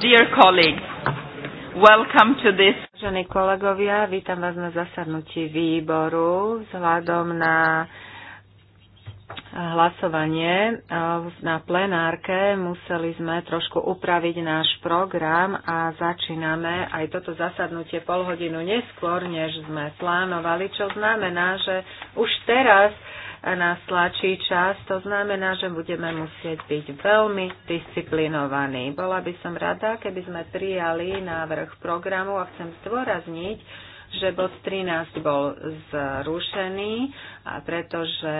Dear colleagues, welcome to this. Vážení kolegovia, vítam vás na zasadnutí výboru vzhľadom na eh, hlasovanie eh, na plenárke. Museli sme trošku upraviť náš program a začíname aj toto zasadnutie pol hodinu neskôr, než sme plánovali, čo znamená, že už teraz nás tlačí čas, to znamená, že budeme musieť byť veľmi disciplinovaní. Bola by som rada, keby sme prijali návrh programu a chcem zdôrazniť, že bod 13 bol zrušený, pretože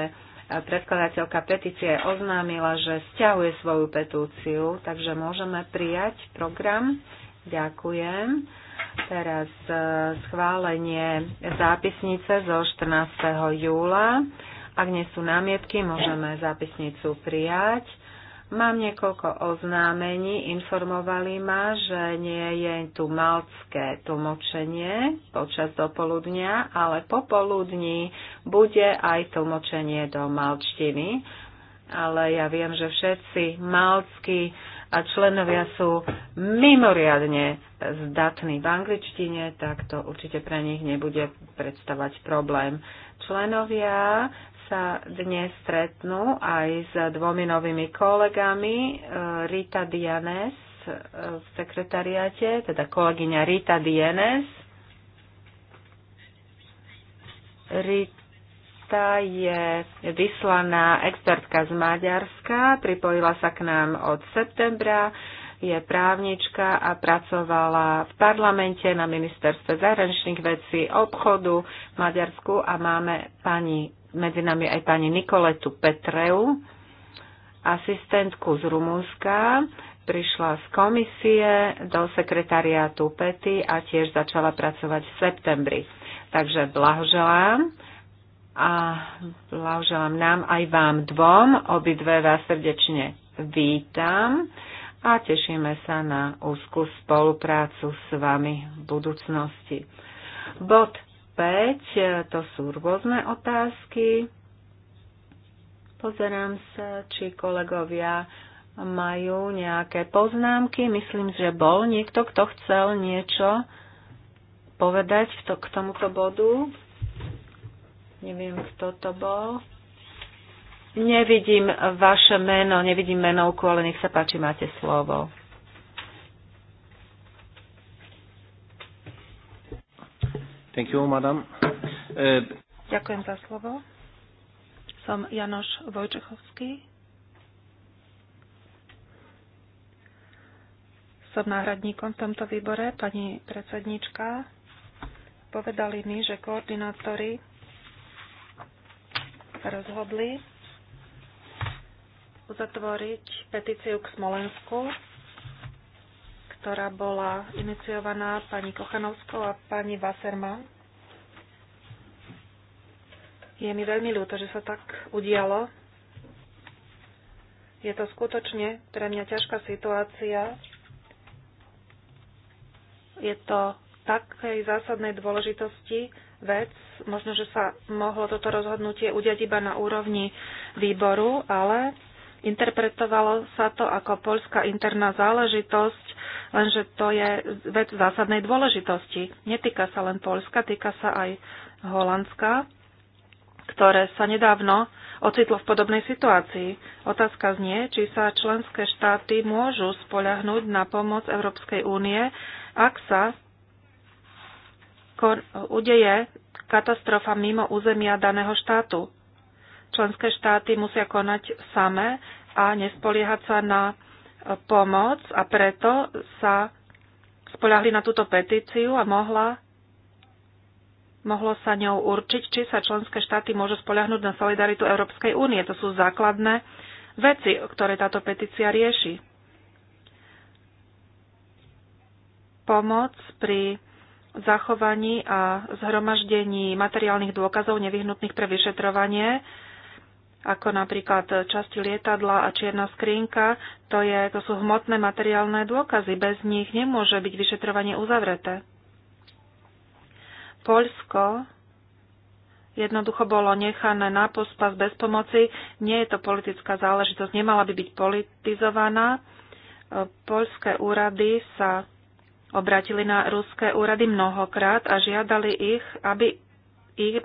predkladateľka petície oznámila, že stiahuje svoju petúciu, takže môžeme prijať program. Ďakujem. Teraz eh, schválenie zápisnice zo 14. júla. Ak nie sú námietky, môžeme zápisnicu prijať. Mám niekoľko oznámení. Informovali ma, že nie je tu malcké tlmočenie počas dopoludnia, ale popoludní bude aj tlmočenie do malčtiny. Ale ja viem, že všetci malckí a členovia sú mimoriadne zdatní v angličtine, tak to určite pre nich nebude predstavať problém. Členovia sa dnes stretnú aj s dvomi novými kolegami. E, Rita Dianes e, v sekretariate, teda kolegyňa Rita Dianes. Rita je vyslaná expertka z Maďarska, pripojila sa k nám od septembra, je právnička a pracovala v parlamente na ministerstve zahraničných vecí, obchodu v Maďarsku a máme pani medzi nami aj pani Nikoletu Petreu, asistentku z Rumúnska, prišla z komisie do sekretariátu PETY a tiež začala pracovať v septembri. Takže blahoželám a blahoželám nám aj vám dvom. Obidve vás srdečne vítam a tešíme sa na úzkú spoluprácu s vami v budúcnosti. Bod 5, to sú rôzne otázky. Pozerám sa, či kolegovia majú nejaké poznámky. Myslím, že bol niekto, kto chcel niečo povedať k tomuto bodu. Neviem, kto to bol. Nevidím vaše meno, nevidím menovku, ale nech sa páči, máte slovo. Thank you, madam. Uh, Ďakujem za slovo. Som Janoš Vojčechovský. Som náhradníkom v tomto výbore. Pani predsednička, povedali mi, že koordinátori rozhodli uzatvoriť petíciu k Smolensku ktorá bola iniciovaná pani Kochanovskou a pani Wasserman. Je mi veľmi ľúto, že sa tak udialo. Je to skutočne pre mňa ťažká situácia. Je to takej zásadnej dôležitosti vec. Možno, že sa mohlo toto rozhodnutie udiať iba na úrovni výboru, ale interpretovalo sa to ako poľská interná záležitosť lenže to je vec zásadnej dôležitosti. Netýka sa len Polska, týka sa aj Holandska, ktoré sa nedávno ocitlo v podobnej situácii. Otázka znie, či sa členské štáty môžu spoľahnúť na pomoc Európskej únie, ak sa udeje katastrofa mimo územia daného štátu. Členské štáty musia konať samé a nespoliehať sa na pomoc a preto sa spolahli na túto petíciu a mohla, mohlo sa ňou určiť, či sa členské štáty môžu spolahnuť na solidaritu Európskej únie. To sú základné veci, ktoré táto petícia rieši. Pomoc pri zachovaní a zhromaždení materiálnych dôkazov nevyhnutných pre vyšetrovanie ako napríklad časti lietadla a čierna skrinka, to, je, to sú hmotné materiálne dôkazy. Bez nich nemôže byť vyšetrovanie uzavreté. Poľsko jednoducho bolo nechané na pospas bez pomoci. Nie je to politická záležitosť, nemala by byť politizovaná. Poľské úrady sa obratili na ruské úrady mnohokrát a žiadali ich, aby im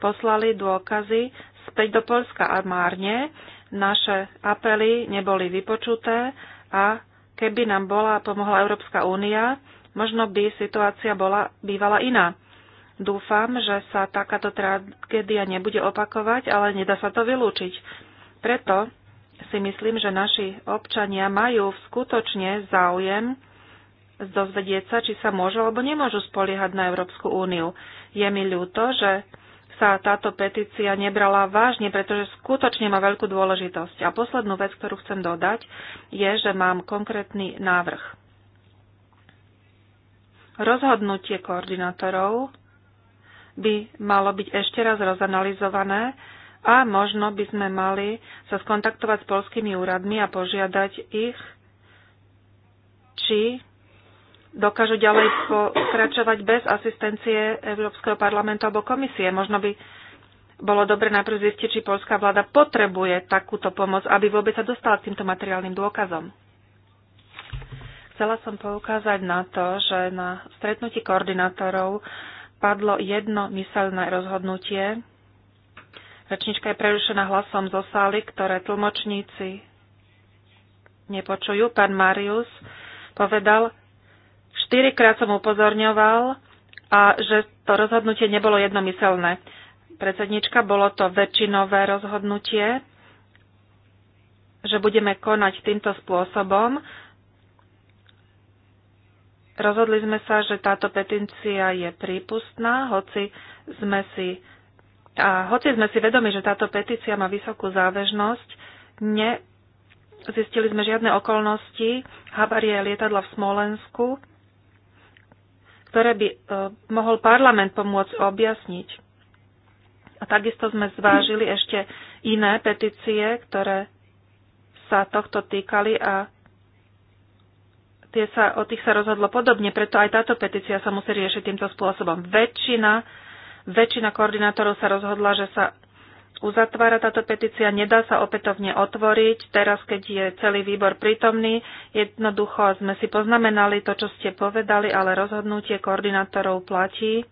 poslali dôkazy späť do Polska a márne. Naše apely neboli vypočuté a keby nám bola pomohla Európska únia, možno by situácia bola bývala iná. Dúfam, že sa takáto tragédia nebude opakovať, ale nedá sa to vylúčiť. Preto si myslím, že naši občania majú skutočne záujem dozvedieť sa, či sa môžu alebo nemôžu spoliehať na Európsku úniu. Je mi ľúto, že sa táto petícia nebrala vážne, pretože skutočne má veľkú dôležitosť. A poslednú vec, ktorú chcem dodať, je, že mám konkrétny návrh. Rozhodnutie koordinátorov by malo byť ešte raz rozanalizované a možno by sme mali sa skontaktovať s polskými úradmi a požiadať ich, či dokážu ďalej pokračovať bez asistencie Európskeho parlamentu alebo komisie. Možno by bolo dobre najprv zistiť, či polská vláda potrebuje takúto pomoc, aby vôbec sa dostala k týmto materiálnym dôkazom. Chcela som poukázať na to, že na stretnutí koordinátorov padlo jedno myselné rozhodnutie. Rečnička je prerušená hlasom zo sály, ktoré tlmočníci nepočujú. Pán Marius povedal, Štyrikrát som upozorňoval, a že to rozhodnutie nebolo jednomyselné. Predsednička, bolo to väčšinové rozhodnutie, že budeme konať týmto spôsobom. Rozhodli sme sa, že táto petícia je prípustná, hoci sme si, a hoci sme si vedomi, že táto petícia má vysokú záväžnosť, nezistili sme žiadne okolnosti havárie lietadla v Smolensku, ktoré by e, mohol parlament pomôcť objasniť. A takisto sme zvážili ešte iné petície, ktoré sa tohto týkali a tie sa, o tých sa rozhodlo podobne, preto aj táto petícia sa musí riešiť týmto spôsobom. Väčšina, väčšina koordinátorov sa rozhodla, že sa uzatvára táto petícia, nedá sa opätovne otvoriť. Teraz, keď je celý výbor prítomný, jednoducho sme si poznamenali to, čo ste povedali, ale rozhodnutie koordinátorov platí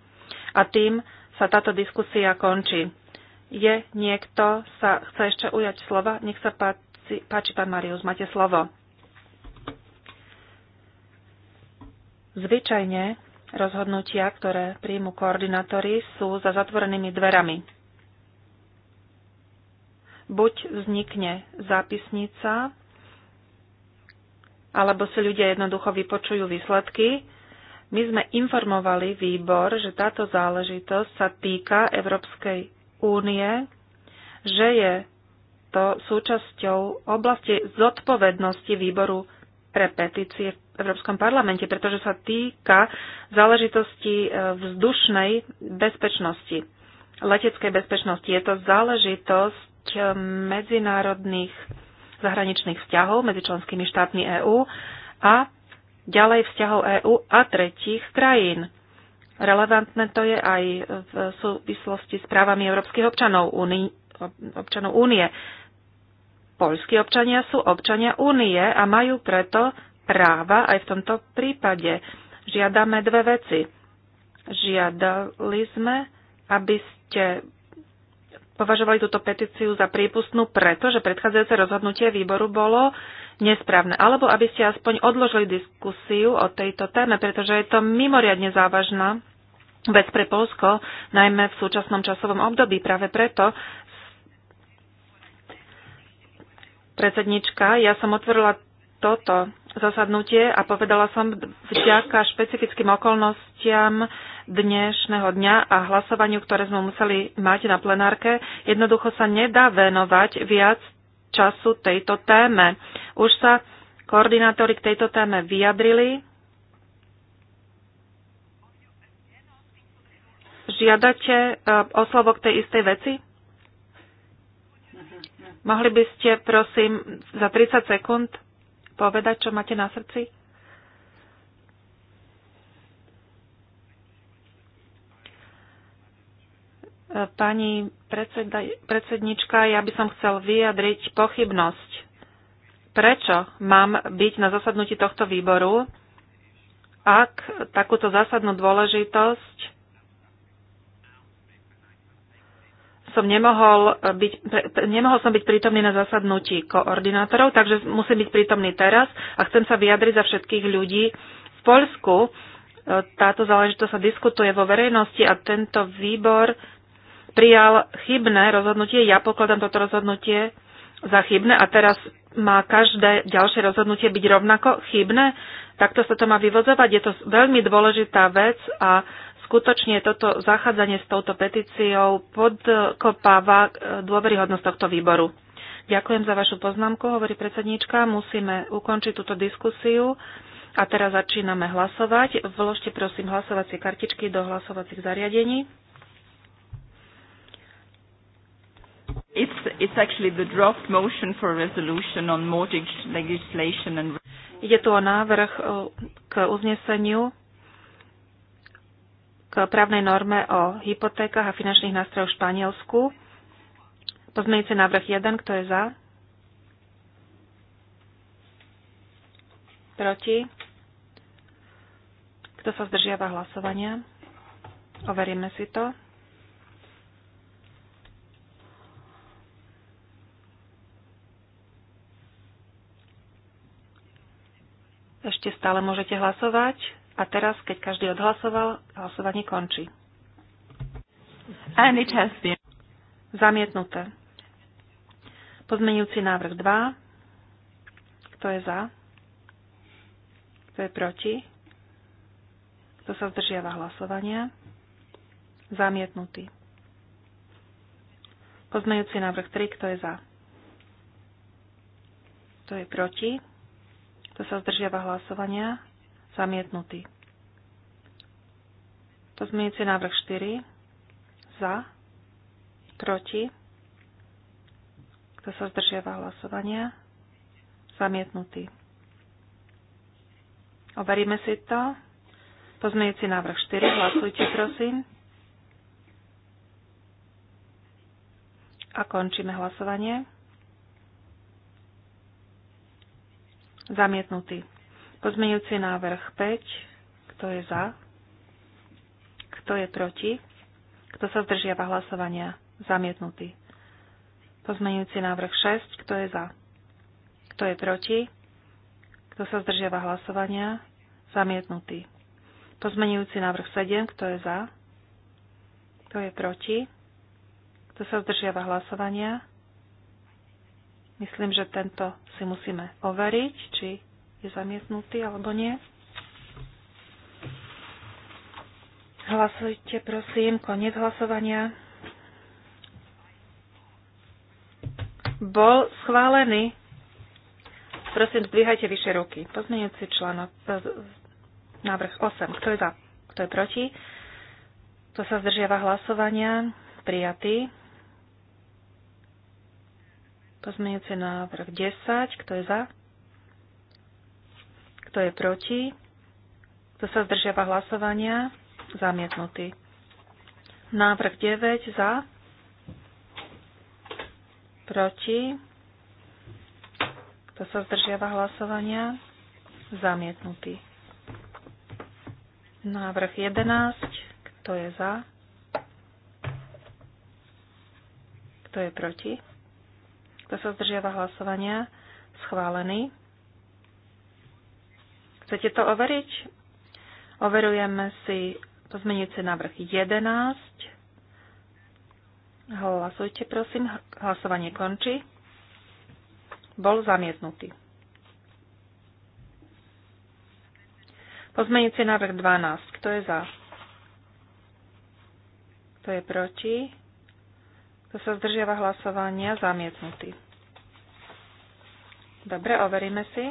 a tým sa táto diskusia končí. Je niekto, sa chce ešte ujať slova? Nech sa páči, páči pán Marius, máte slovo. Zvyčajne rozhodnutia, ktoré príjmu koordinátori, sú za zatvorenými dverami buď vznikne zápisnica, alebo si ľudia jednoducho vypočujú výsledky. My sme informovali výbor, že táto záležitosť sa týka Európskej únie, že je to súčasťou oblasti zodpovednosti výboru pre petície v Európskom parlamente, pretože sa týka záležitosti e, vzdušnej bezpečnosti, leteckej bezpečnosti. Je to záležitosť Eh, medzinárodných zahraničných vzťahov medzi členskými štátmi EÚ a ďalej vzťahov EÚ a tretích krajín. Relevantné to je aj v súvislosti s právami európskych občanov, uni- občanov únie. Poľskí občania sú občania únie a majú preto práva aj v tomto prípade. Žiadame dve veci. Žiadali sme, aby ste považovali túto petíciu za prípustnú, pretože predchádzajúce rozhodnutie výboru bolo nesprávne. Alebo aby ste aspoň odložili diskusiu o tejto téme, pretože je to mimoriadne závažná vec pre Polsko, najmä v súčasnom časovom období. Práve preto predsednička, ja som otvorila toto zasadnutie a povedala som vďaka špecifickým okolnostiam dnešného dňa a hlasovaniu, ktoré sme museli mať na plenárke, jednoducho sa nedá venovať viac času tejto téme. Už sa koordinátori k tejto téme vyjadrili. Žiadate e, o slovo k tej istej veci? Mohli by ste, prosím, za 30 sekúnd povedať, čo máte na srdci? Pani predsednička, ja by som chcel vyjadriť pochybnosť. Prečo mám byť na zasadnutí tohto výboru, ak takúto zásadnú dôležitosť som nemohol, eh, byť, nemohol som byť prítomný na zasadnutí koordinátorov, takže musím byť prítomný teraz a chcem sa vyjadriť za všetkých ľudí v Poľsku. Eh, táto záležitosť sa diskutuje vo verejnosti a tento výbor prijal chybné rozhodnutie. Ja pokladám toto rozhodnutie za chybné a teraz má každé ďalšie rozhodnutie byť rovnako chybné. Takto sa to má vyvozovať. Je to veľmi dôležitá vec a skutočne toto zachádzanie s touto petíciou podkopáva eh, dôveryhodnosť tohto výboru. Ďakujem za vašu poznámku, hovorí predsedníčka. Musíme ukončiť túto diskusiu a teraz začíname hlasovať. Vložte prosím hlasovacie kartičky do hlasovacích zariadení. It's, it's actually the draft motion for resolution on mortgage legislation and... Ide tu o návrh eh, k uzneseniu právnej norme o hypotékach a finančných nástrojoch v Španielsku. Pozmeňujúci návrh 1, kto je za? Proti? Kto sa zdržiava hlasovania? Overíme si to. Ešte stále môžete hlasovať. A teraz, keď každý odhlasoval, hlasovanie končí. And it has been. Zamietnuté. Pozmenujúci návrh 2. Kto je za? Kto je proti? Kto sa zdržiava hlasovania? Zamietnutý. Pozmenujúci návrh 3. Kto je za? Kto je proti? Kto sa zdržiava hlasovania? Zamietnutý. Pozmienujúci návrh 4. Za. Proti. Kto sa zdržiava hlasovania? Zamietnutý. Overíme si to. Pozmienujúci návrh 4. Hlasujte, prosím. A končíme hlasovanie. Zamietnutý. Pozmeňujúci návrh 5. Kto je za? Kto je proti? Kto sa zdržiava hlasovania? Zamietnutý. Pozmeňujúci návrh 6. Kto je za? Kto je proti? Kto sa zdržiava hlasovania? Zamietnutý. Pozmeňujúci návrh 7. Kto je za? Kto je proti? Kto sa zdržiava hlasovania? Myslím, že tento si musíme overiť, či je zamietnutý alebo nie. Hlasujte, prosím, koniec hlasovania. Bol schválený. Prosím, zdvíhajte vyššie ruky. Pozmeňujúci článok, e, návrh 8. Kto je za? Kto je proti? Kto sa zdržiava hlasovania? Prijatý. Pozmeňujúci návrh 10. Kto je za? Kto je proti? Kto sa zdržiava hlasovania? Zamietnutý. Návrh 9 za. Proti. Kto sa zdržiava hlasovania? Zamietnutý. Návrh 11. Kto je za? Kto je proti? Kto sa zdržiava hlasovania? Schválený. Chcete to overiť? Overujeme si pozmenujúci návrh 11. Hlasujte, prosím. Hlasovanie končí. Bol zamietnutý. Pozmenujúci návrh 12. Kto je za? Kto je proti? Kto sa zdržiava hlasovania? Zamietnutý. Dobre, overíme si.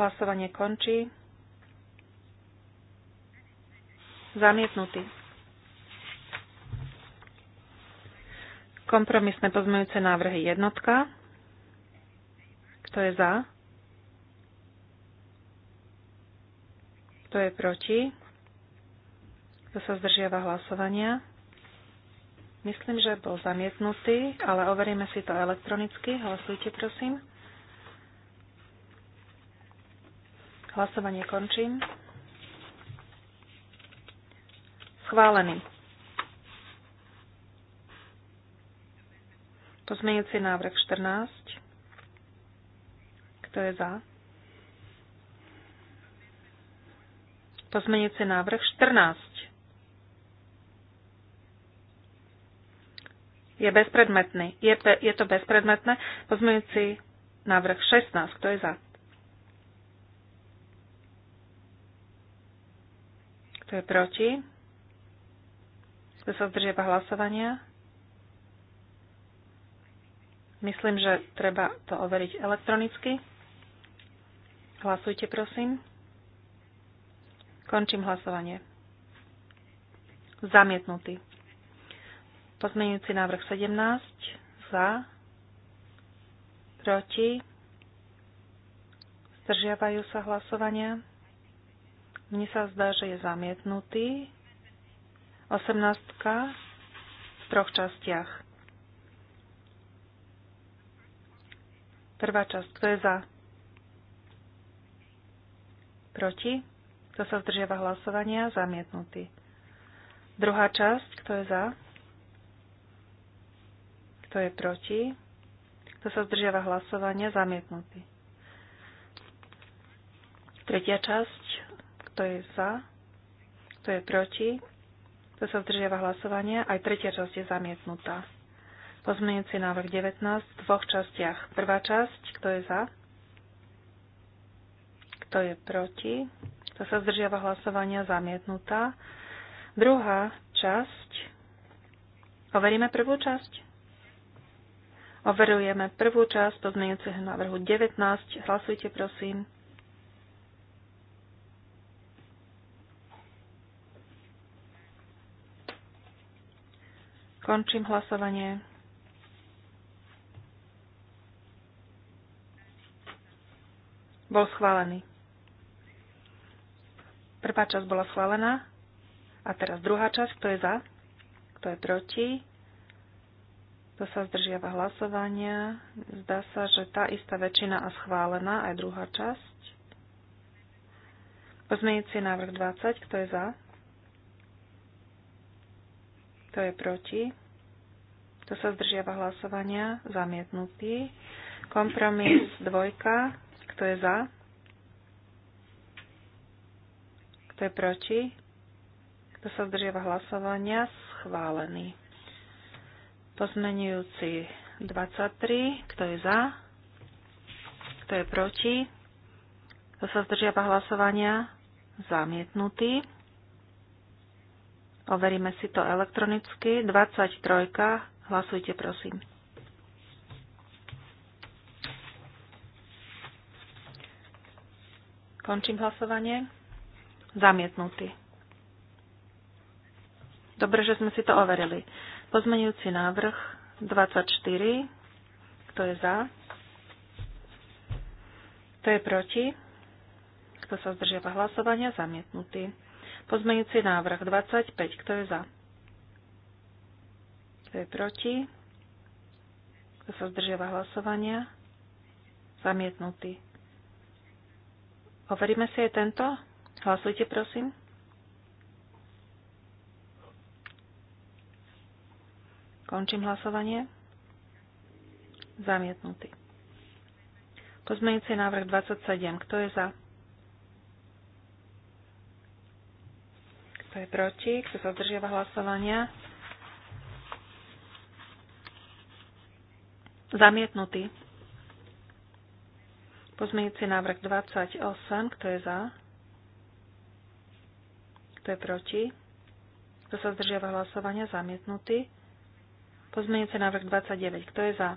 Hlasovanie končí. Zamietnutý. Kompromisné pozmeňujúce návrhy jednotka. Kto je za? Kto je proti? Kto sa zdržiava hlasovania? Myslím, že bol zamietnutý, ale overíme si to elektronicky. Hlasujte, prosím. Hlasovanie končím. Schválený. Pozmeňujúci návrh 14. Kto je za? Pozmeňujúci návrh 14. Je bezpredmetný. Je, je to bezpredmetné. Pozmeňujúci návrh 16. Kto je za? Kto je proti? Kto sa zdržiava hlasovania? Myslím, že treba to overiť elektronicky. Hlasujte, prosím. Končím hlasovanie. Zamietnutý. Pozmeňujúci návrh 17. Za. Proti. Zdržiavajú sa hlasovania. Mne sa zdá, že je zamietnutý. Osemnáctka v troch častiach. Prvá časť, kto je za? Proti? Kto sa zdržiava hlasovania? Zamietnutý. Druhá časť, kto je za? Kto je proti? Kto sa zdržiava hlasovania? Zamietnutý. Tretia časť, kto je za, kto je proti, kto sa zdržiava hlasovania. Aj tretia časť je zamietnutá. Pozmeňujúci návrh 19 v dvoch častiach. Prvá časť, kto je za, kto je proti, kto sa zdržiava hlasovania, zamietnutá. Druhá časť, overíme prvú časť. Overujeme prvú časť pozmeňujúceho návrhu 19. Hlasujte, prosím. Končím hlasovanie. Bol schválený. Prvá časť bola schválená. A teraz druhá časť. Kto je za? Kto je proti? Kto sa zdržiava hlasovania? Zdá sa, že tá istá väčšina a schválená aj druhá časť. Pozmeňujúci návrh 20. Kto je za? Kto je proti? Kto sa zdržiava hlasovania? Zamietnutý. Kompromis dvojka. Kto je za? Kto je proti? Kto sa zdržiava hlasovania? Schválený. Pozmenujúci 23. Kto je za? Kto je proti? Kto sa zdržiava hlasovania? Zamietnutý. Overíme si to elektronicky. 23. Hlasujte, prosím. Končím hlasovanie. Zamietnutý. Dobre, že sme si to overili. Pozmenujúci návrh 24. Kto je za? Kto je proti? Kto sa zdržiava hlasovania? Zamietnutý. Pozmenujúci návrh 25. Kto je za? Kto je proti? Kto sa zdržiava hlasovania? Zamietnutý. Overíme si aj tento. Hlasujte, prosím. Končím hlasovanie. Zamietnutý. Pozmeňujúci návrh 27. Kto je za? Kto je proti? Kto sa zdržiava hlasovania? Zamietnutý. Pozmeňujúci návrh 28, kto je za? Kto je proti? Kto sa zdržiava hlasovania? Zamietnutý. Pozmeňujúci návrh 29, kto je za?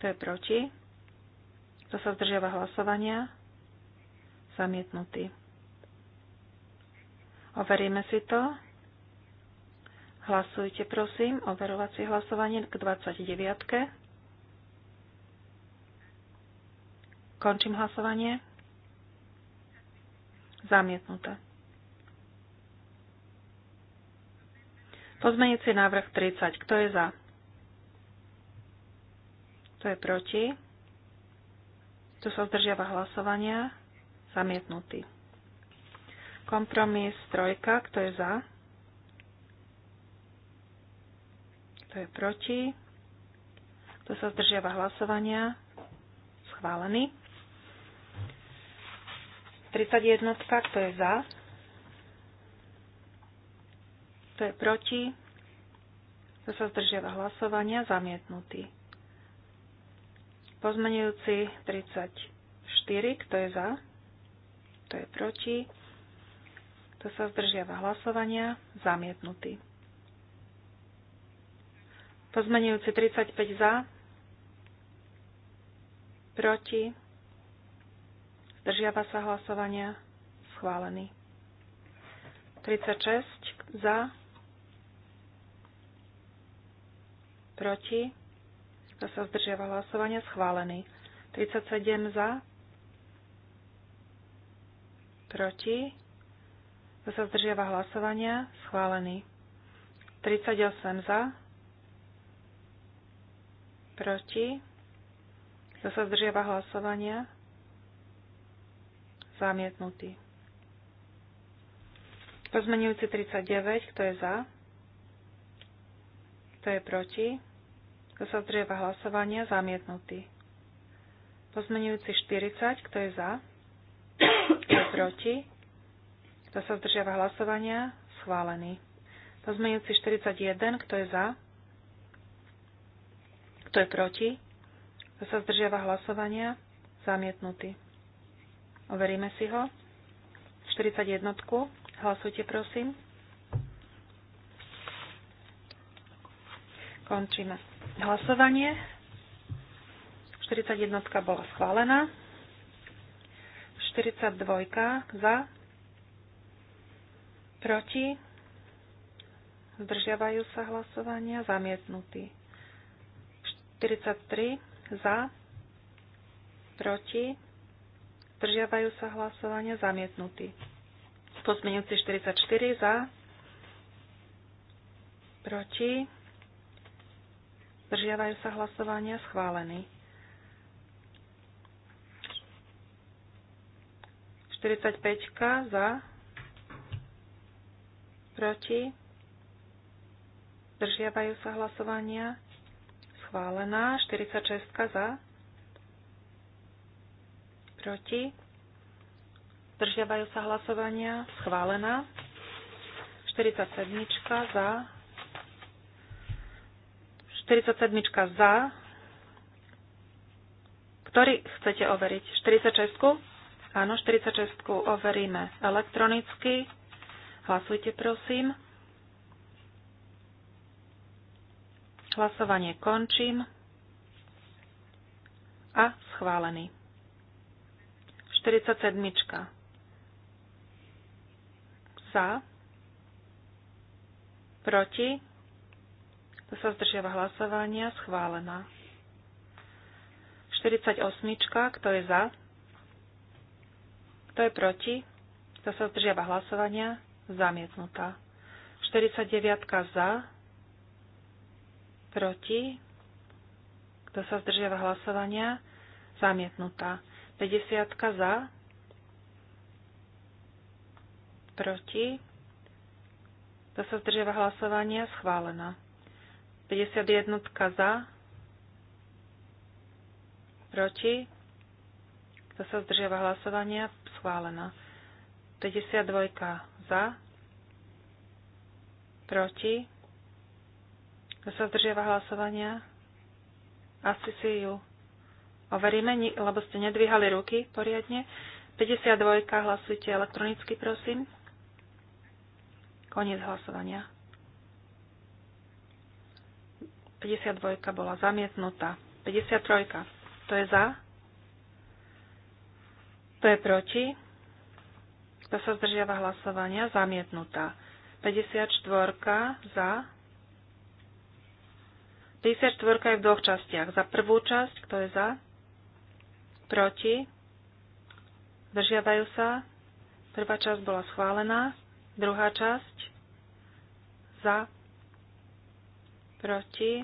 Kto je proti? Kto sa zdržiava hlasovania? Zamietnutý. Overíme si to. Hlasujte prosím, o verovacie hlasovanie k 29. Končím hlasovanie. Zamietnuté. Pozmeňujúci návrh 30. Kto je za? Kto je proti? Kto sa zdržiava hlasovania? Zamietnutý. Kompromis 3. Kto je za? Kto je proti? Kto sa zdržiava hlasovania? Schválený. 31. Kto je za? Kto je proti? Kto sa zdržiava hlasovania? Zamietnutý. Pozmenujúci 34. Kto je za? Kto je proti? Kto sa zdržiava hlasovania? Zamietnutý. Pozmenujúci 35 za, proti, zdržiava sa hlasovania, schválený. 36 za, proti, kto sa zdržiava hlasovania, schválený. 37 za, proti, Zase sa zdržiava hlasovania, schválený. 38 za, Proti? Kto sa zdržiava hlasovania? Zamietnutý. Pozmenujúci 39. Kto je za? Kto je proti? Kto sa zdržiava hlasovania? Zamietnutý. Pozmenujúci 40. Kto je za? Kto je proti? Kto sa zdržiava hlasovania? Schválený. Pozmenujúci 41. Kto je za? Kto je proti? Kto sa zdržiava hlasovania? Zamietnutý. Overíme si ho. 41. Hlasujte, prosím. Končíme hlasovanie. 41. bola schválená. 42. za. Proti. Zdržiavajú sa hlasovania. Zamietnutý. 43 za, proti, zdržiavajú sa hlasovania zamietnutí. Pozmeňujúci 44 za, proti, zdržiavajú sa hlasovania schválený. 45 za, proti, zdržiavajú sa hlasovania schválená. 46 za, proti, zdržiavajú sa hlasovania, schválená. 47 za, 47 za, ktorý chcete overiť? 46? Áno, 46 overíme elektronicky. Hlasujte prosím. Hlasovanie končím. A schválený. 47. Za. Proti. To sa zdržiava hlasovania. Schválená. 48. Kto je za? Kto je proti? To sa zdržiava hlasovania? Zamietnutá. 49. Za proti, kto sa zdržiava hlasovania, zamietnutá. 50 za, proti, kto sa zdržiava hlasovania, schválená. 51 za, proti, kto sa zdržiava hlasovania, schválená. 52 za, proti, kto sa zdržiava hlasovania? Asi si ju overíme, lebo ste nedvíhali ruky poriadne. 52. Hlasujte elektronicky, prosím. Koniec hlasovania. 52. bola zamietnutá. 53. To je za? To je proti? Kto sa zdržiava hlasovania? Zamietnutá. 54. Za? 54 je v dvoch častiach. Za prvú časť, kto je za? Proti? Zdržiavajú sa? Prvá časť bola schválená. Druhá časť? Za? Proti?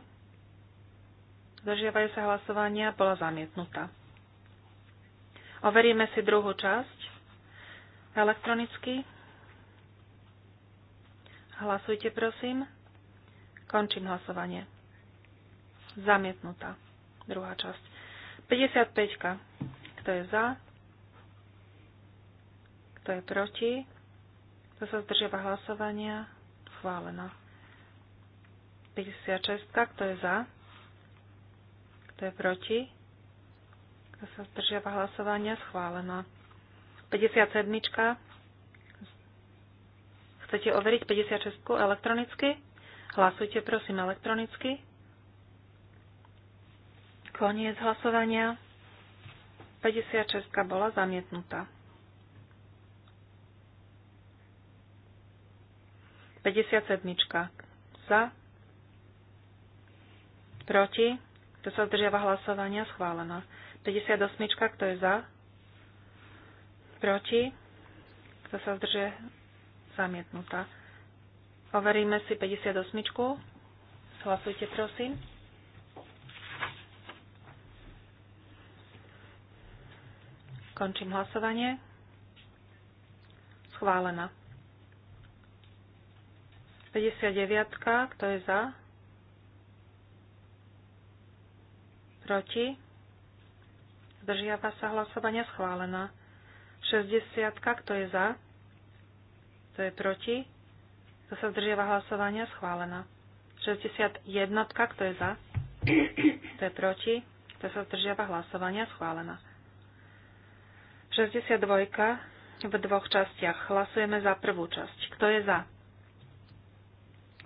Zdržiavajú sa hlasovania? Bola zamietnutá. Overíme si druhú časť elektronicky. Hlasujte, prosím. Končím hlasovanie. Zamietnutá. Druhá časť. 55. Kto je za? Kto je proti? Kto sa zdržiava hlasovania? Schválená. 56. Kto je za? Kto je proti? Kto sa zdržiava hlasovania? Schválená. 57. Chcete overiť 56 elektronicky? Hlasujte prosím elektronicky. Koniec hlasovania. 56 bola zamietnutá. 57 za, proti, kto sa zdržiava hlasovania, schválená. 58, kto je za, proti, kto sa zdrže, zamietnutá. Overíme si 58. Hlasujte, prosím. Končím hlasovanie. Schválená. 59. Kto je za? Proti? Zdržiava sa hlasovania schválená. 60. Kto je za? Kto je proti? Kto sa zdržiava hlasovania schválená. 61. Kto je za? Kto je proti? Kto sa zdržiava hlasovania schválená. 62 v dvoch častiach. Hlasujeme za prvú časť. Kto je za?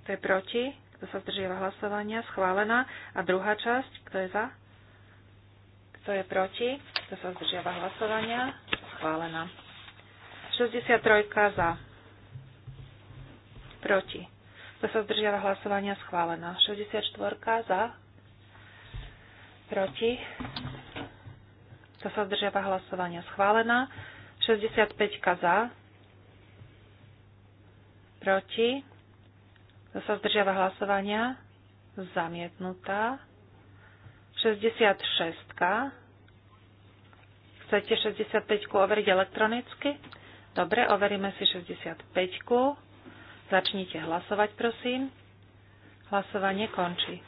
Kto je proti? Kto sa zdržiava hlasovania? Schválená. A druhá časť. Kto je za? Kto je proti? Kto sa zdržiava hlasovania? Schválená. 63 za. Proti. Kto sa zdržiava hlasovania? Schválená. 64 za. Proti. Kto sa zdržiava hlasovania? Schválená. 65 za. Proti. Kto sa zdržiava hlasovania? Zamietnutá. 66. Chcete 65 overiť elektronicky? Dobre, overíme si 65. Začnite hlasovať, prosím. Hlasovanie končí.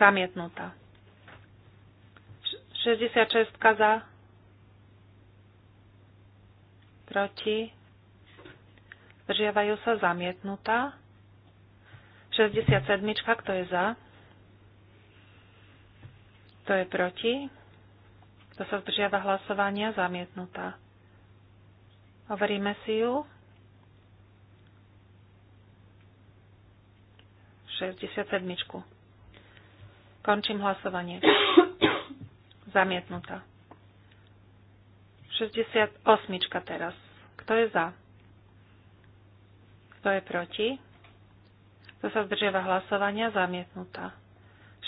Zamietnutá. 66 za. Proti. Zdržiavajú sa zamietnutá. 67. Kto je za? Kto je proti? Kto sa zdržiava hlasovania? Zamietnutá. Overíme si ju. 67. Končím hlasovanie. Zamietnutá. 68 teraz. Kto je za? Kto je proti? Kto sa zdržiava hlasovania? Zamietnutá.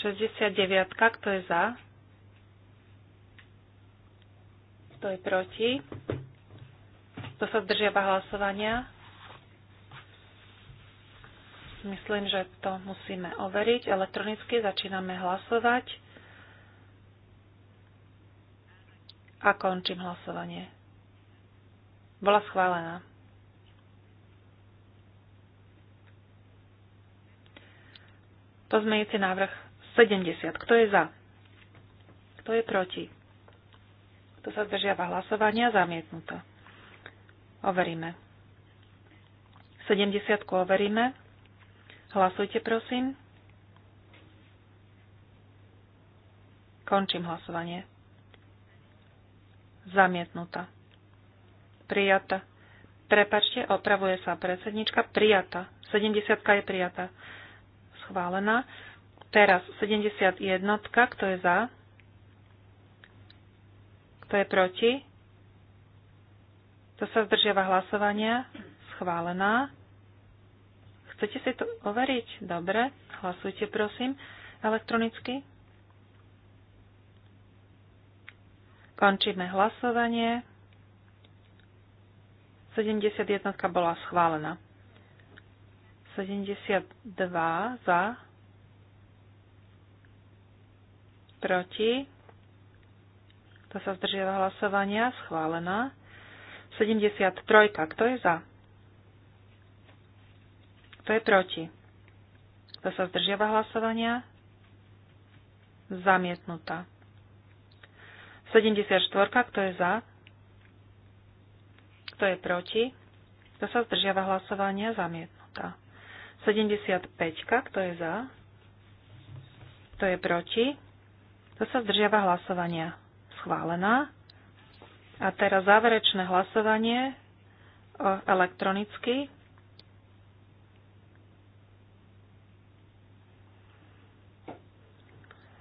69. Kto je za? Kto je proti? Kto sa zdržiava hlasovania? Myslím, že to musíme overiť. Elektronicky začíname hlasovať. A končím hlasovanie. Bola schválená. Pozmejúci návrh 70. Kto je za? Kto je proti? Kto sa zdržiava hlasovania? Zamietnuto. Overíme. 70 overíme. Hlasujte, prosím. Končím hlasovanie. Zamietnutá. Prijata. Prepačte, opravuje sa predsednička. Prijata. 70 je prijata. Schválená. Teraz 71, kto je za? Kto je proti? To sa zdržiava hlasovania? Schválená. Chcete si to overiť? Dobre, hlasujte prosím elektronicky. Končíme hlasovanie. 71 bola schválená. 72 za, proti, to sa zdržiava hlasovania, schválená. 73, kto je za? Kto je proti? Kto sa zdržiava hlasovania? Zamietnutá. 74. Kto je za? Kto je proti? Kto sa zdržiava hlasovania? Zamietnutá. 75. Kto je za? Kto je proti? Kto sa zdržiava hlasovania? Schválená. A teraz záverečné hlasovanie e, elektronicky.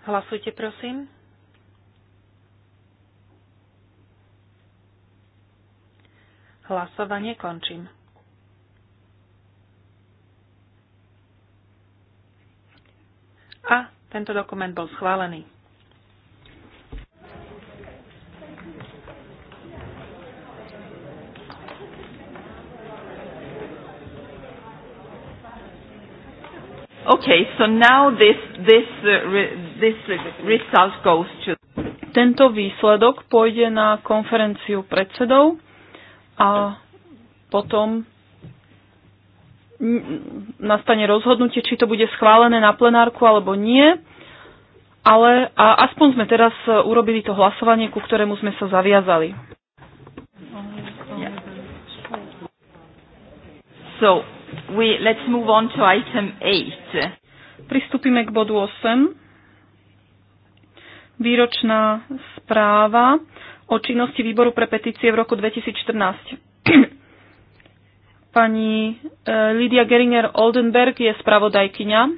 Hlasujte, prosím. Hlasovanie končím. A tento dokument bol schválený. Okay, so now this, this, uh, this result goes to... Tento výsledok pôjde na konferenciu predsedov a potom nastane rozhodnutie, či to bude schválené na plenárku alebo nie. Ale a aspoň sme teraz e, urobili to hlasovanie, ku ktorému sme sa zaviazali. So, we, let's move on to item 8. Pristúpime k bodu 8. Výročná správa o činnosti výboru pre petície v roku 2014. Pani e, Lidia Geringer Oldenberg je spravodajkyňa. E,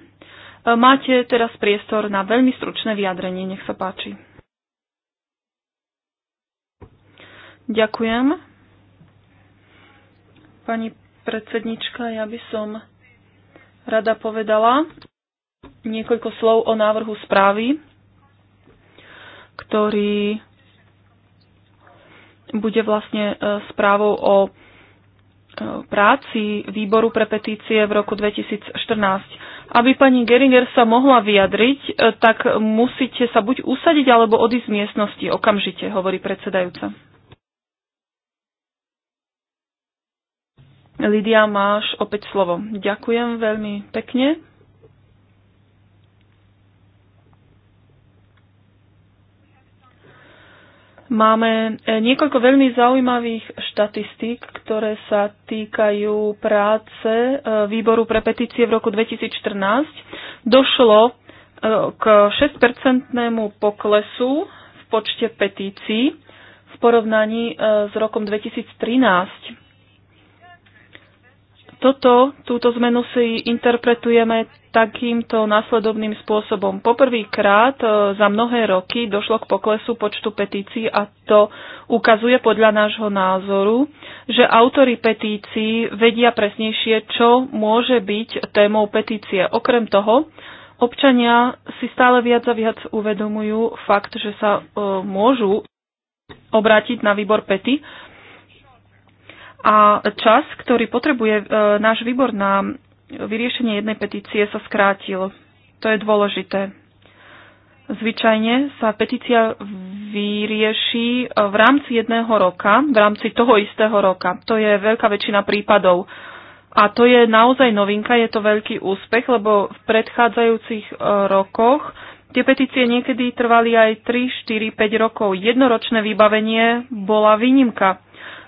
máte teraz priestor na veľmi stručné vyjadrenie. Nech sa páči. Ďakujem. Pani predsednička, ja by som rada povedala niekoľko slov o návrhu správy, ktorý bude vlastne e, správou o e, práci výboru pre petície v roku 2014. Aby pani Geringer sa mohla vyjadriť, e, tak musíte sa buď usadiť alebo odísť z miestnosti okamžite, hovorí predsedajúca. Lidia, máš opäť slovo. Ďakujem veľmi pekne. Máme e, niekoľko veľmi zaujímavých štatistík, ktoré sa týkajú práce e, výboru pre petície v roku 2014. Došlo e, k 6-percentnému poklesu v počte petícií v porovnaní s rokom 2013 toto, túto zmenu si interpretujeme takýmto následovným spôsobom. Poprvýkrát e, za mnohé roky došlo k poklesu počtu petícií a to ukazuje podľa nášho názoru, že autory petícií vedia presnejšie, čo môže byť témou petície. Okrem toho, občania si stále viac a viac uvedomujú fakt, že sa e, môžu obrátiť na výbor pety a čas, ktorý potrebuje e, náš výbor na vyriešenie jednej petície, sa skrátil. To je dôležité. Zvyčajne sa petícia vyrieši e, v rámci jedného roka, v rámci toho istého roka. To je veľká väčšina prípadov. A to je naozaj novinka, je to veľký úspech, lebo v predchádzajúcich e, rokoch tie petície niekedy trvali aj 3, 4, 5 rokov. Jednoročné vybavenie bola výnimka.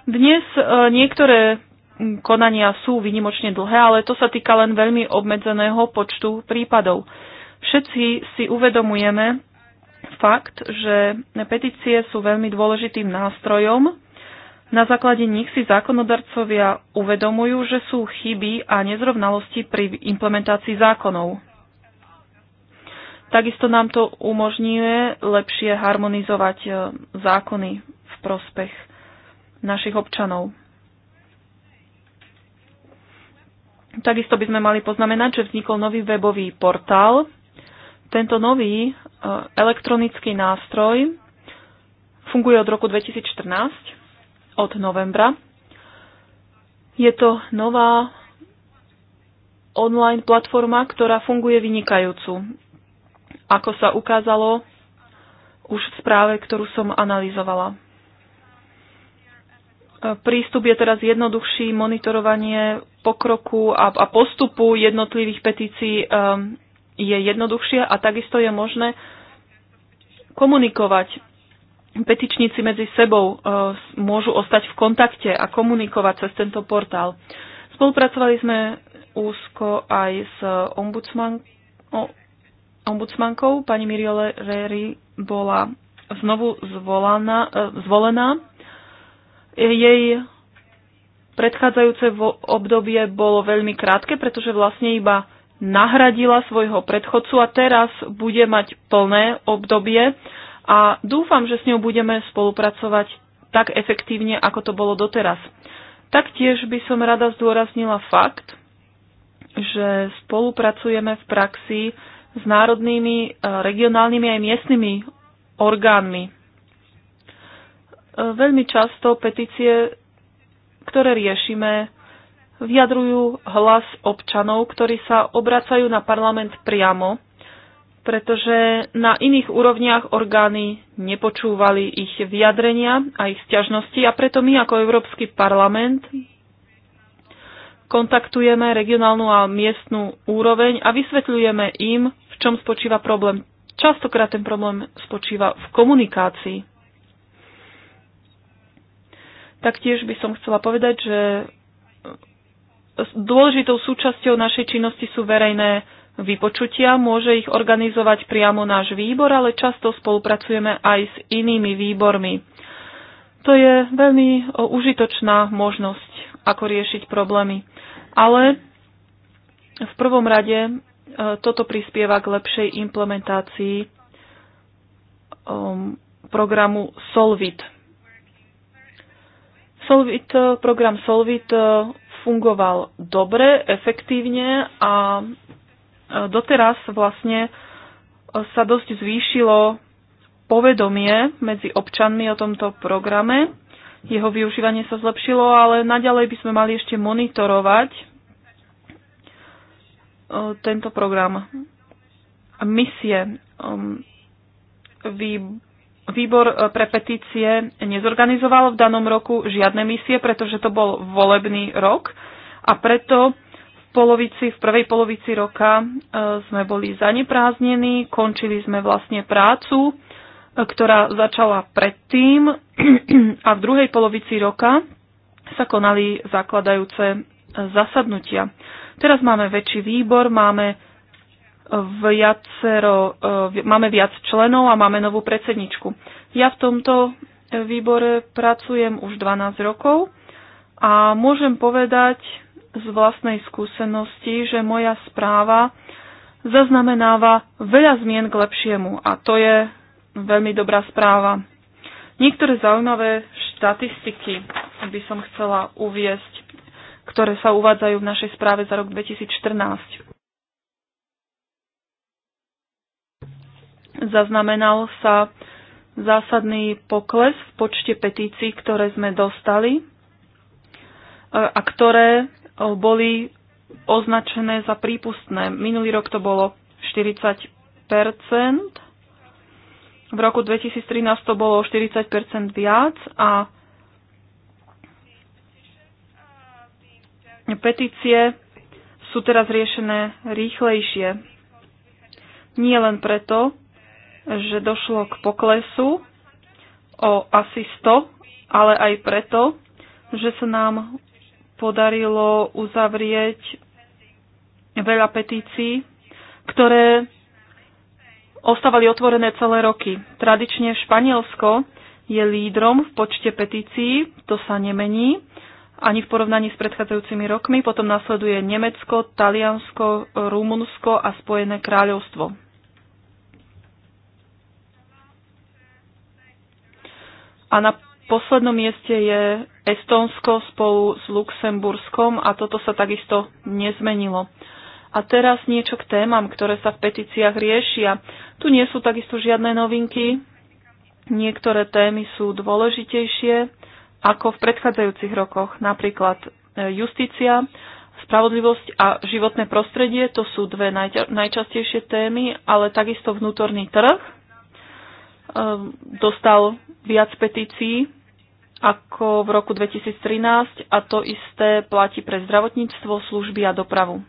Dnes e, niektoré konania sú vynimočne dlhé, ale to sa týka len veľmi obmedzeného počtu prípadov. Všetci si uvedomujeme fakt, že petície sú veľmi dôležitým nástrojom. Na základe nich si zákonodarcovia uvedomujú, že sú chyby a nezrovnalosti pri implementácii zákonov. Takisto nám to umožňuje lepšie harmonizovať e, zákony v prospech našich občanov. Takisto by sme mali poznamenať, že vznikol nový webový portál. Tento nový e, elektronický nástroj funguje od roku 2014, od novembra. Je to nová online platforma, ktorá funguje vynikajúcu. Ako sa ukázalo už v správe, ktorú som analyzovala. Prístup je teraz jednoduchší, monitorovanie pokroku a, a postupu jednotlivých petícií um, je jednoduchšie a takisto je možné komunikovať. Petičníci medzi sebou uh, môžu ostať v kontakte a komunikovať cez tento portál. Spolupracovali sme úzko aj s ombudsman, o, ombudsmankou. Pani Miriole Reri bola znovu zvolaná, uh, zvolená jej predchádzajúce obdobie bolo veľmi krátke, pretože vlastne iba nahradila svojho predchodcu a teraz bude mať plné obdobie a dúfam, že s ňou budeme spolupracovať tak efektívne, ako to bolo doteraz. Taktiež by som rada zdôraznila fakt, že spolupracujeme v praxi s národnými, eh, regionálnymi aj miestnymi orgánmi E, veľmi často petície, ktoré riešime, vyjadrujú hlas občanov, ktorí sa obracajú na parlament priamo, pretože na iných úrovniach orgány nepočúvali ich vyjadrenia a ich stiažnosti a preto my ako Európsky parlament kontaktujeme regionálnu a miestnú úroveň a vysvetľujeme im, v čom spočíva problém. Častokrát ten problém spočíva v komunikácii. Taktiež by som chcela povedať, že dôležitou súčasťou našej činnosti sú verejné vypočutia. Môže ich organizovať priamo náš výbor, ale často spolupracujeme aj s inými výbormi. To je veľmi užitočná možnosť, ako riešiť problémy. Ale v prvom rade e, toto prispieva k lepšej implementácii e, programu Solvit. Solvit, program Solvit e, fungoval dobre, efektívne a e, doteraz vlastne e, sa dosť zvýšilo povedomie medzi občanmi o tomto programe. Jeho využívanie sa zlepšilo, ale naďalej by sme mali ešte monitorovať tento program misie. Vy Výbor e, pre petície nezorganizoval v danom roku žiadne misie, pretože to bol volebný rok a preto v, polovici, v prvej polovici roka e, sme boli zanepráznení, končili sme vlastne prácu, e, ktorá začala predtým a v druhej polovici roka sa konali zakladajúce zasadnutia. Teraz máme väčší výbor, máme viacero, eh, máme viac členov a máme novú predsedničku. Ja v tomto výbore pracujem už 12 rokov a môžem povedať z vlastnej skúsenosti, že moja správa zaznamenáva veľa zmien k lepšiemu a to je veľmi dobrá správa. Niektoré zaujímavé štatistiky by som chcela uviesť, ktoré sa uvádzajú v našej správe za rok 2014. Zaznamenal sa zásadný pokles v počte petícií, ktoré sme dostali e, a ktoré e, boli označené za prípustné. Minulý rok to bolo 40 v roku 2013 to bolo 40 viac a petície sú teraz riešené rýchlejšie. Nie len preto, že došlo k poklesu o asi 100, ale aj preto, že sa nám podarilo uzavrieť veľa petícií, ktoré ostávali otvorené celé roky. Tradične Španielsko je lídrom v počte petícií, to sa nemení, ani v porovnaní s predchádzajúcimi rokmi. Potom nasleduje Nemecko, Taliansko, Rumunsko a Spojené kráľovstvo. A na poslednom mieste je Estónsko spolu s Luxemburskom a toto sa takisto nezmenilo. A teraz niečo k témam, ktoré sa v petíciách riešia. Tu nie sú takisto žiadne novinky. Niektoré témy sú dôležitejšie ako v predchádzajúcich rokoch. Napríklad e, justícia, spravodlivosť a životné prostredie, to sú dve najčastejšie témy, ale takisto vnútorný trh e, dostal viac petícií ako v roku 2013 a to isté platí pre zdravotníctvo, služby a dopravu.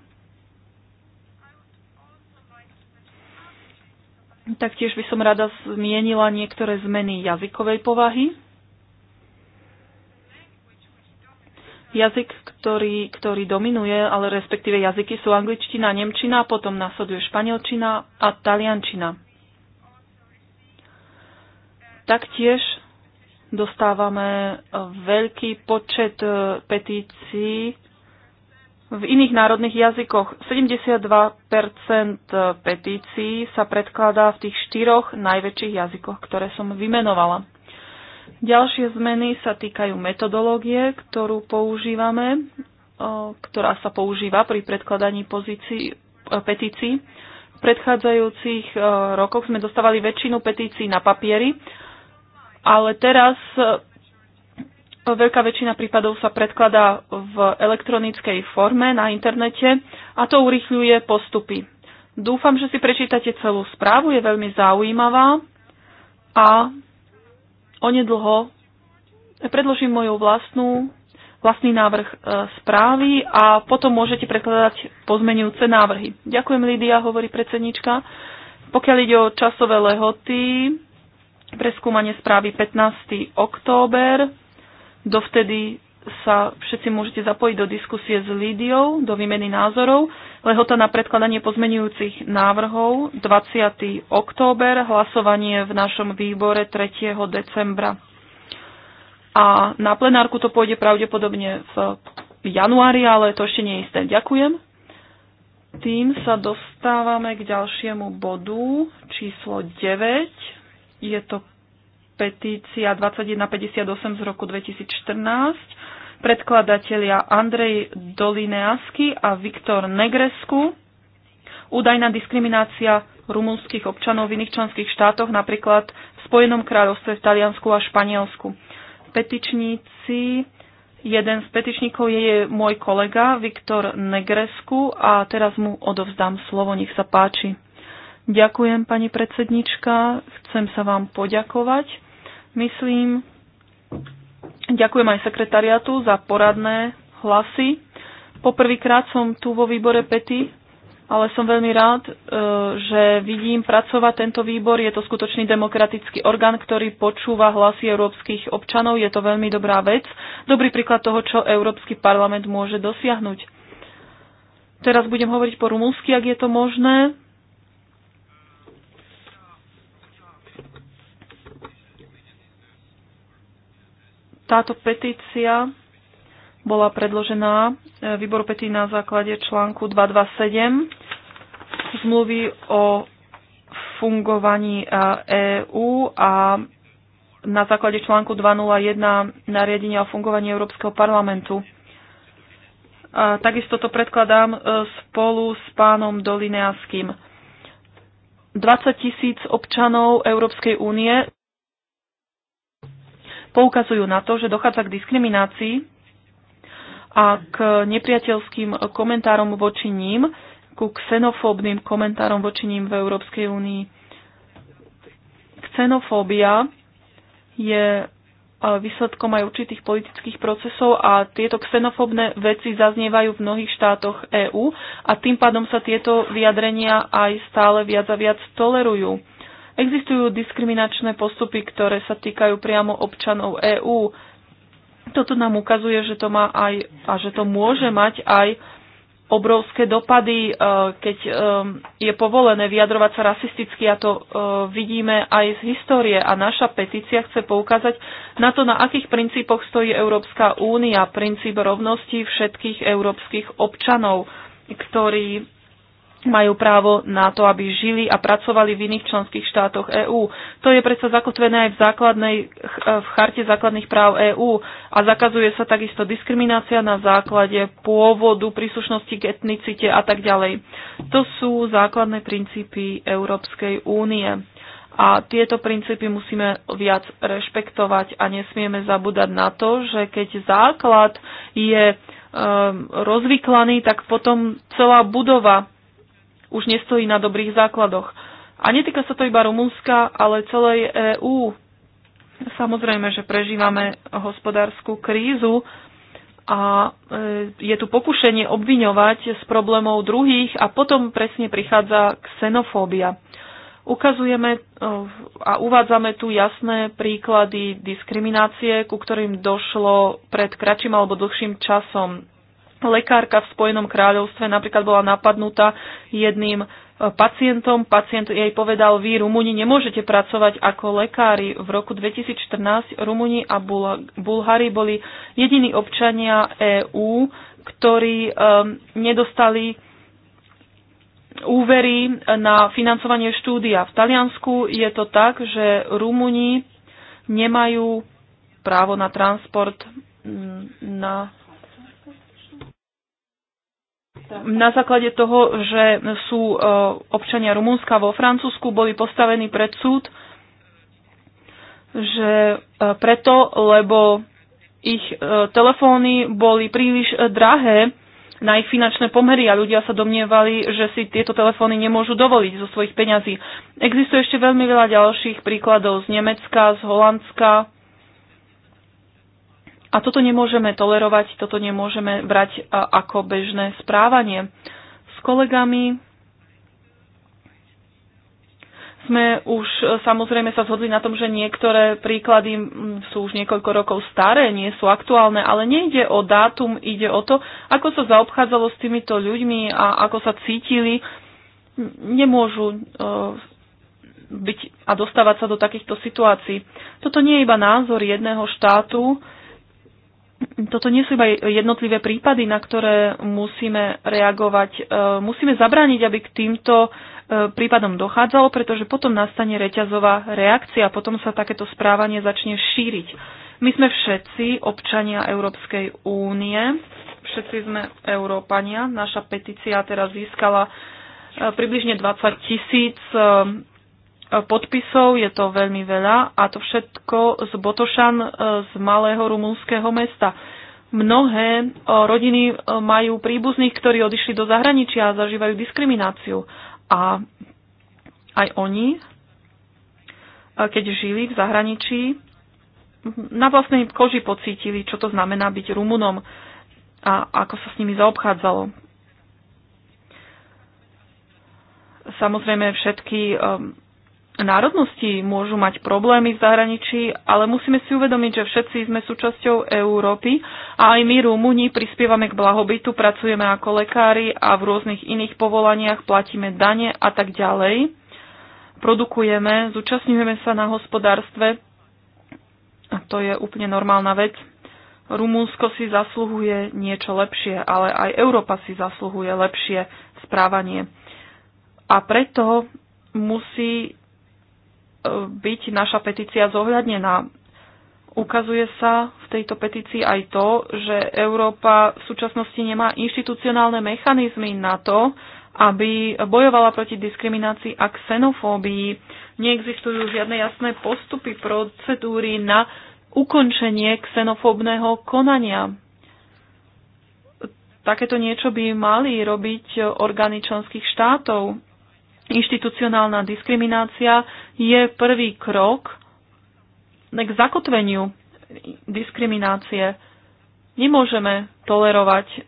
Taktiež by som rada zmienila niektoré zmeny jazykovej povahy. Jazyk, ktorý, ktorý dominuje, ale respektíve jazyky sú angličtina, nemčina, potom nasleduje španielčina a taliančina. Taktiež dostávame veľký počet e, petícií v iných národných jazykoch. 72 e, petícií sa predkladá v tých štyroch najväčších jazykoch, ktoré som vymenovala. Ďalšie zmeny sa týkajú metodológie, ktorú používame, e, ktorá sa používa pri predkladaní petícií. V predchádzajúcich rokoch sme dostávali väčšinu petícií na papieri, ale teraz e, Veľká väčšina prípadov sa predkladá v elektronickej forme na internete a to urychľuje postupy. Dúfam, že si prečítate celú správu, je veľmi zaujímavá a onedlho predložím moju vlastnú, vlastný návrh e, správy a potom môžete predkladať pozmenujúce návrhy. Ďakujem, Lídia, hovorí predsednička. Pokiaľ ide o časové lehoty, preskúmanie správy 15. október. Dovtedy sa všetci môžete zapojiť do diskusie s Lídiou, do výmeny názorov. Lehota na predkladanie pozmenujúcich návrhov 20. október, hlasovanie v našom výbore 3. decembra. A na plenárku to pôjde pravdepodobne v januári, ale to ešte nie je isté. Ďakujem. Tým sa dostávame k ďalšiemu bodu číslo 9. Je to petícia 2158 z roku 2014, predkladatelia Andrej Dolineasky a Viktor Negresku. Údajná diskriminácia rumúnskych občanov v iných členských štátoch, napríklad v Spojenom kráľovstve, v Taliansku a Španielsku. Petičníci, jeden z petičníkov je môj kolega Viktor Negresku a teraz mu odovzdám slovo, nech sa páči. Ďakujem, pani predsednička. Chcem sa vám poďakovať. Myslím, ďakujem aj sekretariatu za poradné hlasy. Poprvýkrát som tu vo výbore Pety, ale som veľmi rád, e, že vidím pracovať tento výbor. Je to skutočný demokratický orgán, ktorý počúva hlasy európskych občanov. Je to veľmi dobrá vec. Dobrý príklad toho, čo Európsky parlament môže dosiahnuť. Teraz budem hovoriť po rumúnsky, ak je to možné. Táto petícia bola predložená e, výboru petí na základe článku 227 zmluvy o fungovaní EÚ e a na základe článku 201 nariadenia o fungovaní Európskeho parlamentu. A takisto to predkladám e, spolu s pánom Dolineaským. 20 tisíc občanov Európskej únie poukazujú na to, že dochádza k diskriminácii a k nepriateľským komentárom voči ním, ku xenofóbnym komentárom voči ním v Európskej únii. Xenofóbia je e, výsledkom aj určitých politických procesov a tieto xenofóbne veci zaznievajú v mnohých štátoch EÚ a tým pádom sa tieto vyjadrenia aj stále viac a viac tolerujú. Existujú diskriminačné postupy, ktoré sa týkajú priamo občanov EÚ. Toto nám ukazuje, že to má aj a že to môže mať aj obrovské dopady, e, keď e, je povolené vyjadrovať sa rasisticky a to e, vidíme aj z histórie. A naša petícia chce poukázať na to, na akých princípoch stojí Európska únia, princíp rovnosti všetkých európskych občanov, ktorý majú právo na to, aby žili a pracovali v iných členských štátoch EÚ. To je predsa zakotvené aj v, základnej, v charte základných práv EÚ a zakazuje sa takisto diskriminácia na základe pôvodu, príslušnosti k etnicite a tak ďalej. To sú základné princípy Európskej únie. A tieto princípy musíme viac rešpektovať a nesmieme zabúdať na to, že keď základ je ehm, rozvyklaný, tak potom celá budova už nestojí na dobrých základoch. A netýka sa to iba Rumúnska, ale celej EÚ. Samozrejme, že prežívame hospodárskú krízu a e, je tu pokušenie obviňovať z problémov druhých a potom presne prichádza ksenofóbia. Ukazujeme e, a uvádzame tu jasné príklady diskriminácie, ku ktorým došlo pred kratším alebo dlhším časom lekárka v Spojenom kráľovstve napríklad bola napadnutá jedným e, pacientom. Pacient jej povedal, vy Rumúni nemôžete pracovať ako lekári. V roku 2014 Rumúni a Bulhári boli jediní občania EÚ, ktorí um, nedostali úvery na financovanie štúdia. V Taliansku je to tak, že Rumúni nemajú právo na transport na na základe toho, že sú e, občania Rumúnska vo Francúzsku, boli postavení pred súd, že e, preto, lebo ich e, telefóny boli príliš drahé na ich finančné pomery a ľudia sa domnievali, že si tieto telefóny nemôžu dovoliť zo svojich peňazí. Existuje ešte veľmi veľa ďalších príkladov z Nemecka, z Holandska, a toto nemôžeme tolerovať, toto nemôžeme brať ako bežné správanie. S kolegami sme už e, samozrejme sa zhodli na tom, že niektoré príklady sú už niekoľko rokov staré, nie sú aktuálne, ale nejde o dátum, ide o to, ako sa zaobchádzalo s týmito ľuďmi a ako sa cítili. Nemôžu e, byť a dostávať sa do takýchto situácií. Toto nie je iba názor jedného štátu, toto nie sú iba jednotlivé prípady, na ktoré musíme reagovať. E, musíme zabrániť, aby k týmto e, prípadom dochádzalo, pretože potom nastane reťazová reakcia, a potom sa takéto správanie začne šíriť. My sme všetci občania Európskej únie, všetci sme Európania. Naša petícia teraz získala e, približne 20 tisíc podpisov, je to veľmi veľa a to všetko z Botošan, e, z malého rumúnskeho mesta. Mnohé e, rodiny e, majú príbuzných, ktorí odišli do zahraničia a zažívajú diskrimináciu. A aj oni, keď žili v zahraničí, na vlastnej koži pocítili, čo to znamená byť Rumunom a ako sa s nimi zaobchádzalo. Samozrejme, všetky um, národnosti môžu mať problémy v zahraničí, ale musíme si uvedomiť, že všetci sme súčasťou Európy a aj my Rumúni prispievame k blahobytu, pracujeme ako lekári a v rôznych iných povolaniach platíme dane a tak ďalej. Produkujeme, zúčastňujeme sa na hospodárstve a to je úplne normálna vec. Rumúnsko si zasluhuje niečo lepšie, ale aj Európa si zasluhuje lepšie správanie. A preto musí byť naša petícia zohľadnená. Ukazuje sa v tejto petícii aj to, že Európa v súčasnosti nemá inštitucionálne mechanizmy na to, aby bojovala proti diskriminácii a xenofóbii. Neexistujú žiadne jasné postupy, procedúry na ukončenie xenofóbneho konania. Takéto niečo by mali robiť orgány členských štátov inštitucionálna diskriminácia je prvý krok k zakotveniu diskriminácie. Nemôžeme tolerovať, e,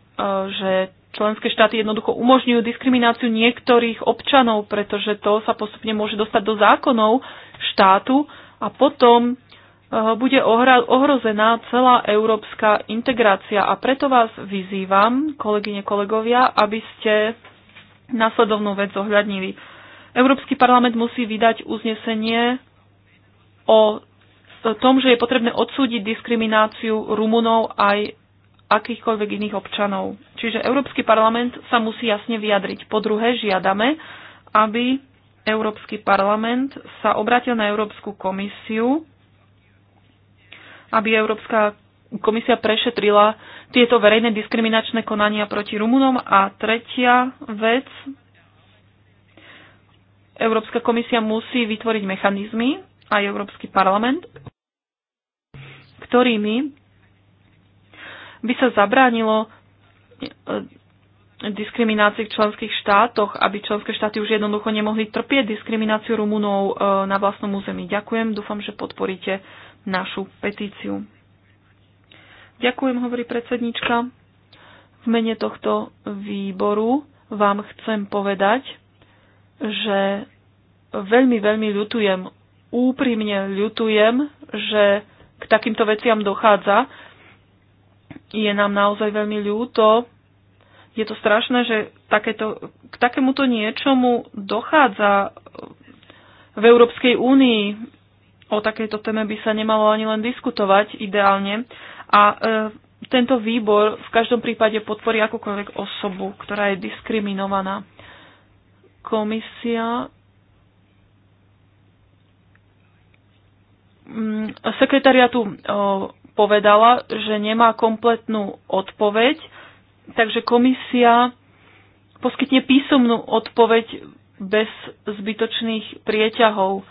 že členské štáty jednoducho umožňujú diskrimináciu niektorých občanov, pretože to sa postupne môže dostať do zákonov štátu a potom e, bude ohrozená celá európska integrácia. A preto vás vyzývam, kolegyne, kolegovia, aby ste Následovnú vec zohľadnili. Európsky parlament musí vydať uznesenie o tom, že je potrebné odsúdiť diskrimináciu Rumunov aj akýchkoľvek iných občanov. Čiže Európsky parlament sa musí jasne vyjadriť. Po druhé, žiadame, aby Európsky parlament sa obratil na Európsku komisiu, aby Európska komisia prešetrila tieto verejné diskriminačné konania proti Rumunom. A tretia vec, Európska komisia musí vytvoriť mechanizmy, aj Európsky parlament, ktorými by sa zabránilo eh, diskriminácii v členských štátoch, aby členské štáty už jednoducho nemohli trpieť diskrimináciu Rumunov eh, na vlastnom území. Ďakujem, dúfam, že podporíte našu petíciu. Ďakujem, hovorí predsednička. V mene tohto výboru vám chcem povedať, že veľmi, veľmi ľutujem, úprimne ľutujem, že k takýmto veciam dochádza. Je nám naozaj veľmi ľúto. Je to strašné, že takéto, k takémuto niečomu dochádza v Európskej únii. O takejto téme by sa nemalo ani len diskutovať ideálne. A e, tento výbor v každom prípade podporí akúkoľvek osobu, ktorá je diskriminovaná. Komisia mm, sekretariatu e, povedala, že nemá kompletnú odpoveď, takže komisia poskytne písomnú odpoveď bez zbytočných prieťahov.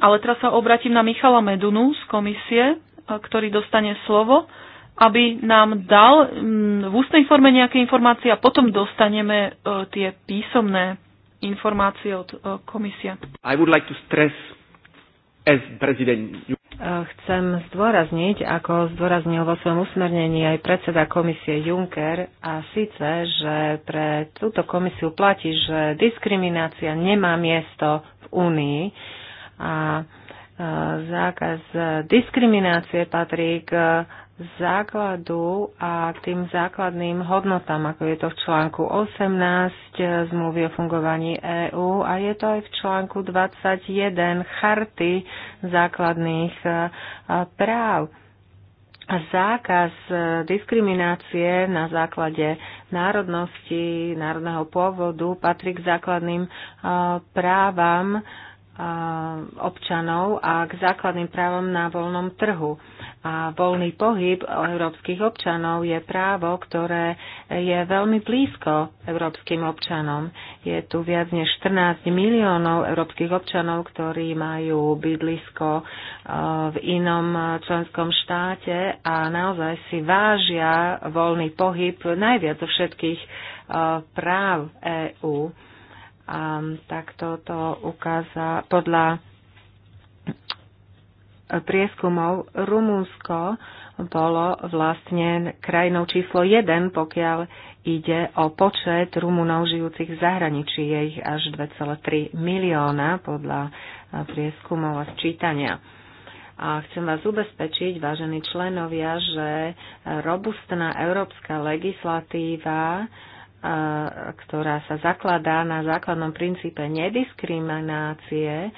Ale teraz sa obratím na Michala Medunu z komisie ktorý dostane slovo, aby nám dal mm, v ústnej forme nejaké informácie a potom dostaneme e, tie písomné informácie od e, komisia. I would like to stress as president. E, chcem zdôrazniť, ako zdôraznil vo svojom usmernení aj predseda komisie Juncker, a síce, že pre túto komisiu platí, že diskriminácia nemá miesto v Únii a zákaz diskriminácie patrí k základu a k tým základným hodnotám, ako je to v článku 18 zmluvy o fungovaní EÚ a je to aj v článku 21 charty základných e, práv. Zákaz e, diskriminácie na základe národnosti, národného pôvodu patrí k základným e, právam občanov a k základným právom na voľnom trhu. A voľný pohyb európskych občanov je právo, ktoré je veľmi blízko európskym občanom. Je tu viac než 14 miliónov európskych občanov, ktorí majú bydlisko e, v inom členskom štáte a naozaj si vážia voľný pohyb najviac zo všetkých e, práv EÚ tak toto ukáza podľa prieskumov Rumúnsko bolo vlastne krajinou číslo 1, pokiaľ ide o počet Rumunov žijúcich v zahraničí. Je ich až 2,3 milióna podľa prieskumov a sčítania. A chcem vás ubezpečiť, vážení členovia, že robustná európska legislatíva ktorá sa zakladá na základnom princípe nediskriminácie,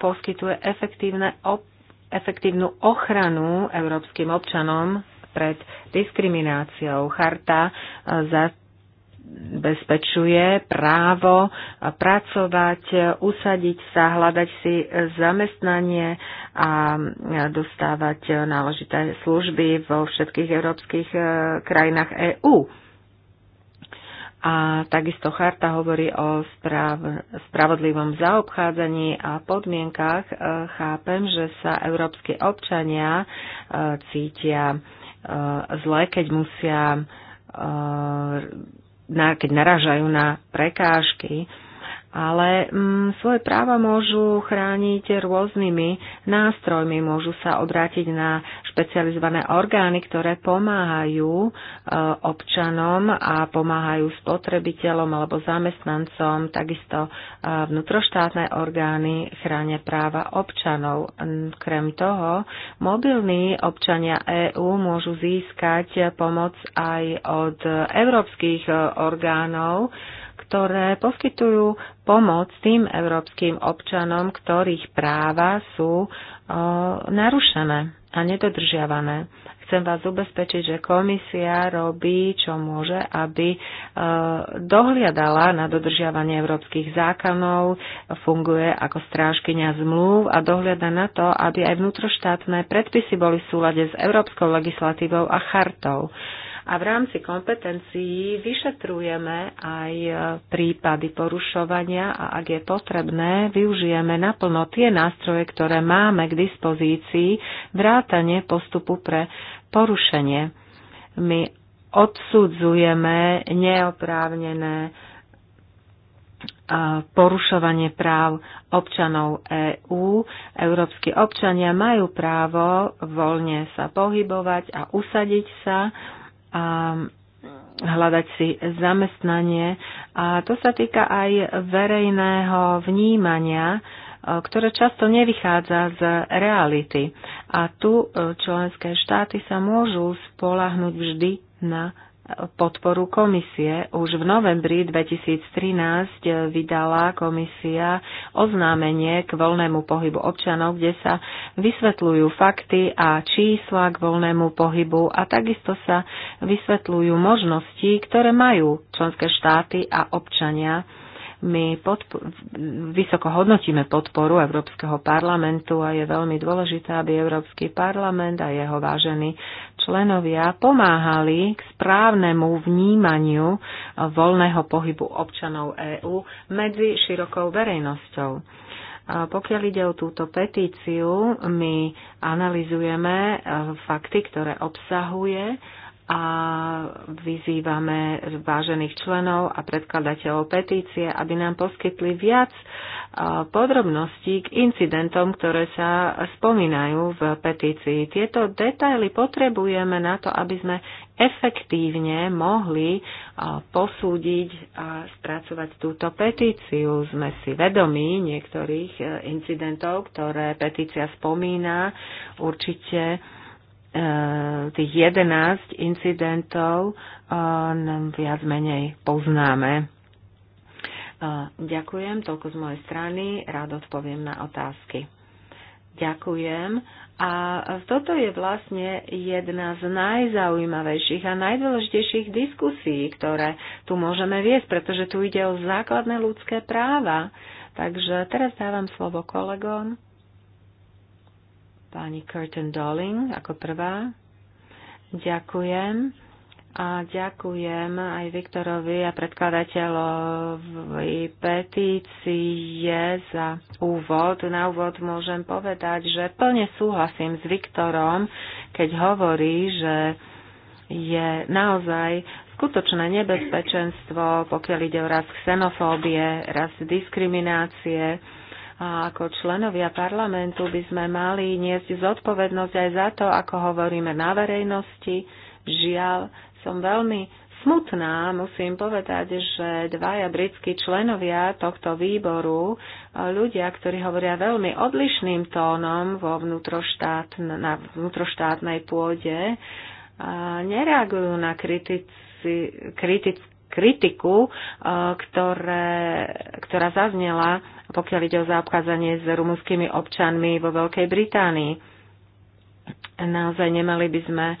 poskytuje efektívnu ochranu európskym občanom pred diskrimináciou. Charta zabezpečuje právo pracovať, usadiť sa, hľadať si zamestnanie a dostávať náležité služby vo všetkých európskych krajinách EÚ. EU a takisto charta hovorí o správ, spravodlivom zaobchádzaní a podmienkach. E, chápem, že sa európske občania e, cítia e, zle, keď musia, keď naražajú na prekážky ale mm, svoje práva môžu chrániť rôznymi nástrojmi. Môžu sa obrátiť na špecializované orgány, ktoré pomáhajú e, občanom a pomáhajú spotrebiteľom alebo zamestnancom. Takisto e, vnútroštátne orgány chránia práva občanov. Krem toho, mobilní občania EÚ môžu získať pomoc aj od európskych e, orgánov, ktoré poskytujú pomoc tým európskym občanom, ktorých práva sú narušené a nedodržiavané. Chcem vás ubezpečiť, že komisia robí, čo môže, aby dohliadala na dodržiavanie európskych zákonov, funguje ako strážkynia zmluv a dohliada na to, aby aj vnútroštátne predpisy boli v súlade s európskou legislatívou a chartou a v rámci kompetencií vyšetrujeme aj e, prípady porušovania a ak je potrebné, využijeme naplno tie nástroje, ktoré máme k dispozícii, vrátane postupu pre porušenie. My odsudzujeme neoprávnené e, porušovanie práv občanov EÚ. Európsky občania majú právo voľne sa pohybovať a usadiť sa a hľadať si zamestnanie. A to sa týka aj verejného vnímania, e, ktoré často nevychádza z reality. A tu e, členské štáty sa môžu spolahnuť vždy na podporu komisie. Už v novembri 2013 vydala komisia oznámenie k voľnému pohybu občanov, kde sa vysvetľujú fakty a čísla k voľnému pohybu a takisto sa vysvetľujú možnosti, ktoré majú členské štáty a občania. My vysoko hodnotíme podporu Európskeho parlamentu a je veľmi dôležité, aby Európsky parlament a jeho vážení členovia pomáhali k správnemu vnímaniu voľného pohybu občanov EÚ medzi širokou verejnosťou. Pokiaľ ide o túto petíciu, my analizujeme e, fakty, ktoré obsahuje a vyzývame vážených členov a predkladateľov petície, aby nám poskytli viac Podrobnosti k incidentom, ktoré sa spomínajú v petícii. Tieto detaily potrebujeme na to, aby sme efektívne mohli posúdiť a spracovať túto petíciu. Sme si vedomí niektorých e, incidentov, ktoré petícia spomína. Určite e, tých 11 incidentov e, viac menej poznáme. Ďakujem, toľko z mojej strany, rád odpoviem na otázky. Ďakujem. A toto je vlastne jedna z najzaujímavejších a najdôležitejších diskusí, ktoré tu môžeme viesť, pretože tu ide o základné ľudské práva. Takže teraz dávam slovo kolegom. Pani Curtin Dolling ako prvá. Ďakujem. A ďakujem aj Viktorovi a predkladateľovi petície za úvod. Na úvod môžem povedať, že plne súhlasím s Viktorom, keď hovorí, že je naozaj skutočné nebezpečenstvo, pokiaľ ide o raz xenofóbie, raz diskriminácie, a ako členovia parlamentu by sme mali niesť zodpovednosť aj za to, ako hovoríme na verejnosti. Žiaľ, som veľmi smutná, musím povedať, že dvaja britskí členovia tohto výboru, eh, ľudia, ktorí hovoria veľmi odlišným tónom vo vnútroštát, na vnútroštátnej pôde, eh, nereagujú na kritici, kritic, kritiku, eh, ktoré, ktorá zaznela, pokiaľ ide o zaobchádzanie s rumúnskymi občanmi vo Veľkej Británii naozaj nemali by sme eh,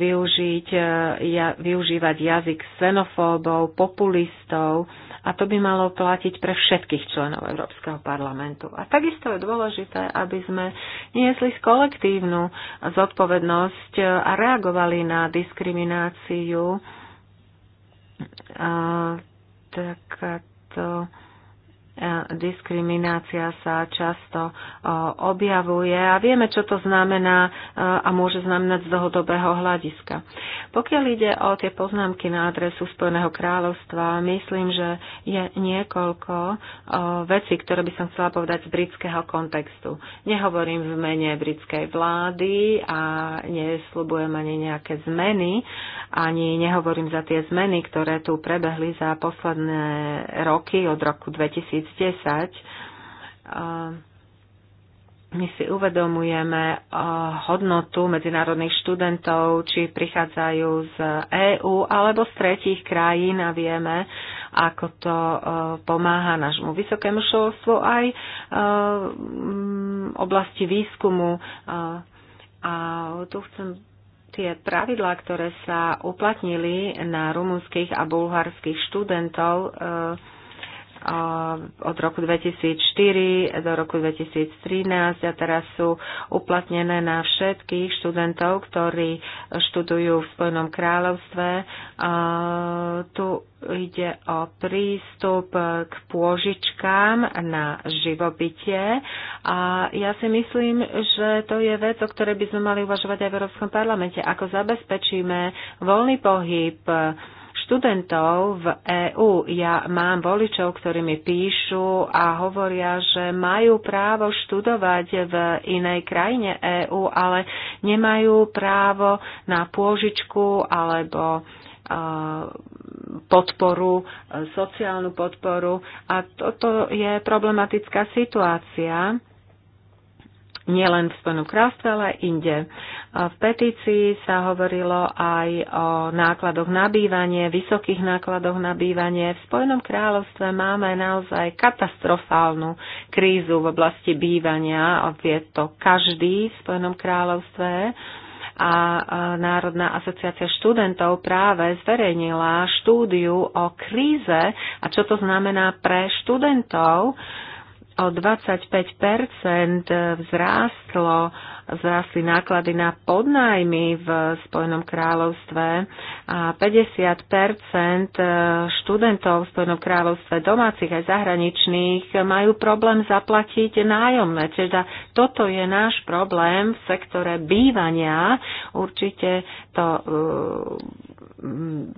využiť, eh, využívať jazyk xenofóbov, populistov a to by malo platiť pre všetkých členov Európskeho parlamentu. A takisto je dôležité, aby sme niesli kolektívnu zodpovednosť eh, a reagovali na diskrimináciu. A, tak to E, diskriminácia sa často e, objavuje a vieme, čo to znamená e, a môže znamenať z dlhodobého hľadiska. Pokiaľ ide o tie poznámky na adresu Spojeného kráľovstva, myslím, že je niekoľko vecí, ktoré by som chcela povedať z britského kontextu. Nehovorím v mene britskej vlády a nesľubujem ani nejaké zmeny, ani nehovorím za tie zmeny, ktoré tu prebehli za posledné roky od roku 2000 2010 my si uvedomujeme hodnotu medzinárodných študentov, či prichádzajú z EÚ alebo z tretích krajín a vieme, ako to pomáha nášmu vysokému školstvu aj oblasti výskumu. A tu chcem tie pravidlá, ktoré sa uplatnili na rumunských a bulharských študentov, od roku 2004 do roku 2013 a teraz sú uplatnené na všetkých študentov, ktorí študujú v Spojenom kráľovstve. Tu ide o prístup k pôžičkám na živobytie. A ja si myslím, že to je vec, o ktorej by sme mali uvažovať aj v Európskom parlamente. Ako zabezpečíme voľný pohyb študentov v EÚ. Ja mám voličov, ktorí mi píšu a hovoria, že majú právo študovať v inej krajine EÚ, ale nemajú právo na pôžičku alebo e, podporu, e, sociálnu podporu. A toto je problematická situácia nielen v Spojenom kráľstve, ale aj inde. V petícii sa hovorilo aj o nákladoch na bývanie, vysokých nákladoch na bývanie. V Spojenom kráľovstve máme naozaj katastrofálnu krízu v oblasti bývania. Vie to každý v Spojenom kráľovstve a Národná asociácia študentov práve zverejnila štúdiu o kríze a čo to znamená pre študentov o 25 vzrástlo, vzrástli náklady na podnájmy v Spojenom kráľovstve a 50 študentov v Spojenom kráľovstve domácich aj zahraničných majú problém zaplatiť nájomné. Teda toto je náš problém v sektore bývania. Určite to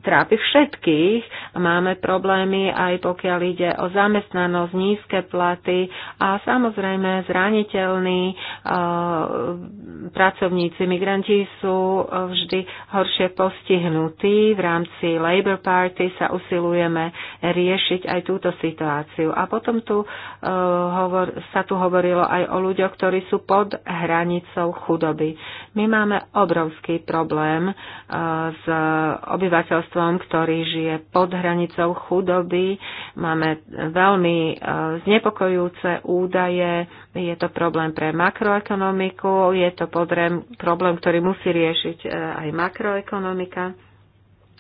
trápi všetkých. Máme problémy aj pokiaľ ide o zamestnanosť, nízke platy a samozrejme zraniteľní eh, pracovníci. Migranti sú eh, vždy horšie postihnutí. V rámci Labour Party sa usilujeme riešiť aj túto situáciu. A potom tu, eh, hovor, sa tu hovorilo aj o ľuďoch, ktorí sú pod hranicou chudoby. My máme obrovský problém s obyvateľstvom, ktorý žije pod hranicou chudoby. Máme veľmi e, znepokojujúce údaje. Je to problém pre makroekonomiku, je to problém, ktorý musí riešiť e, aj makroekonomika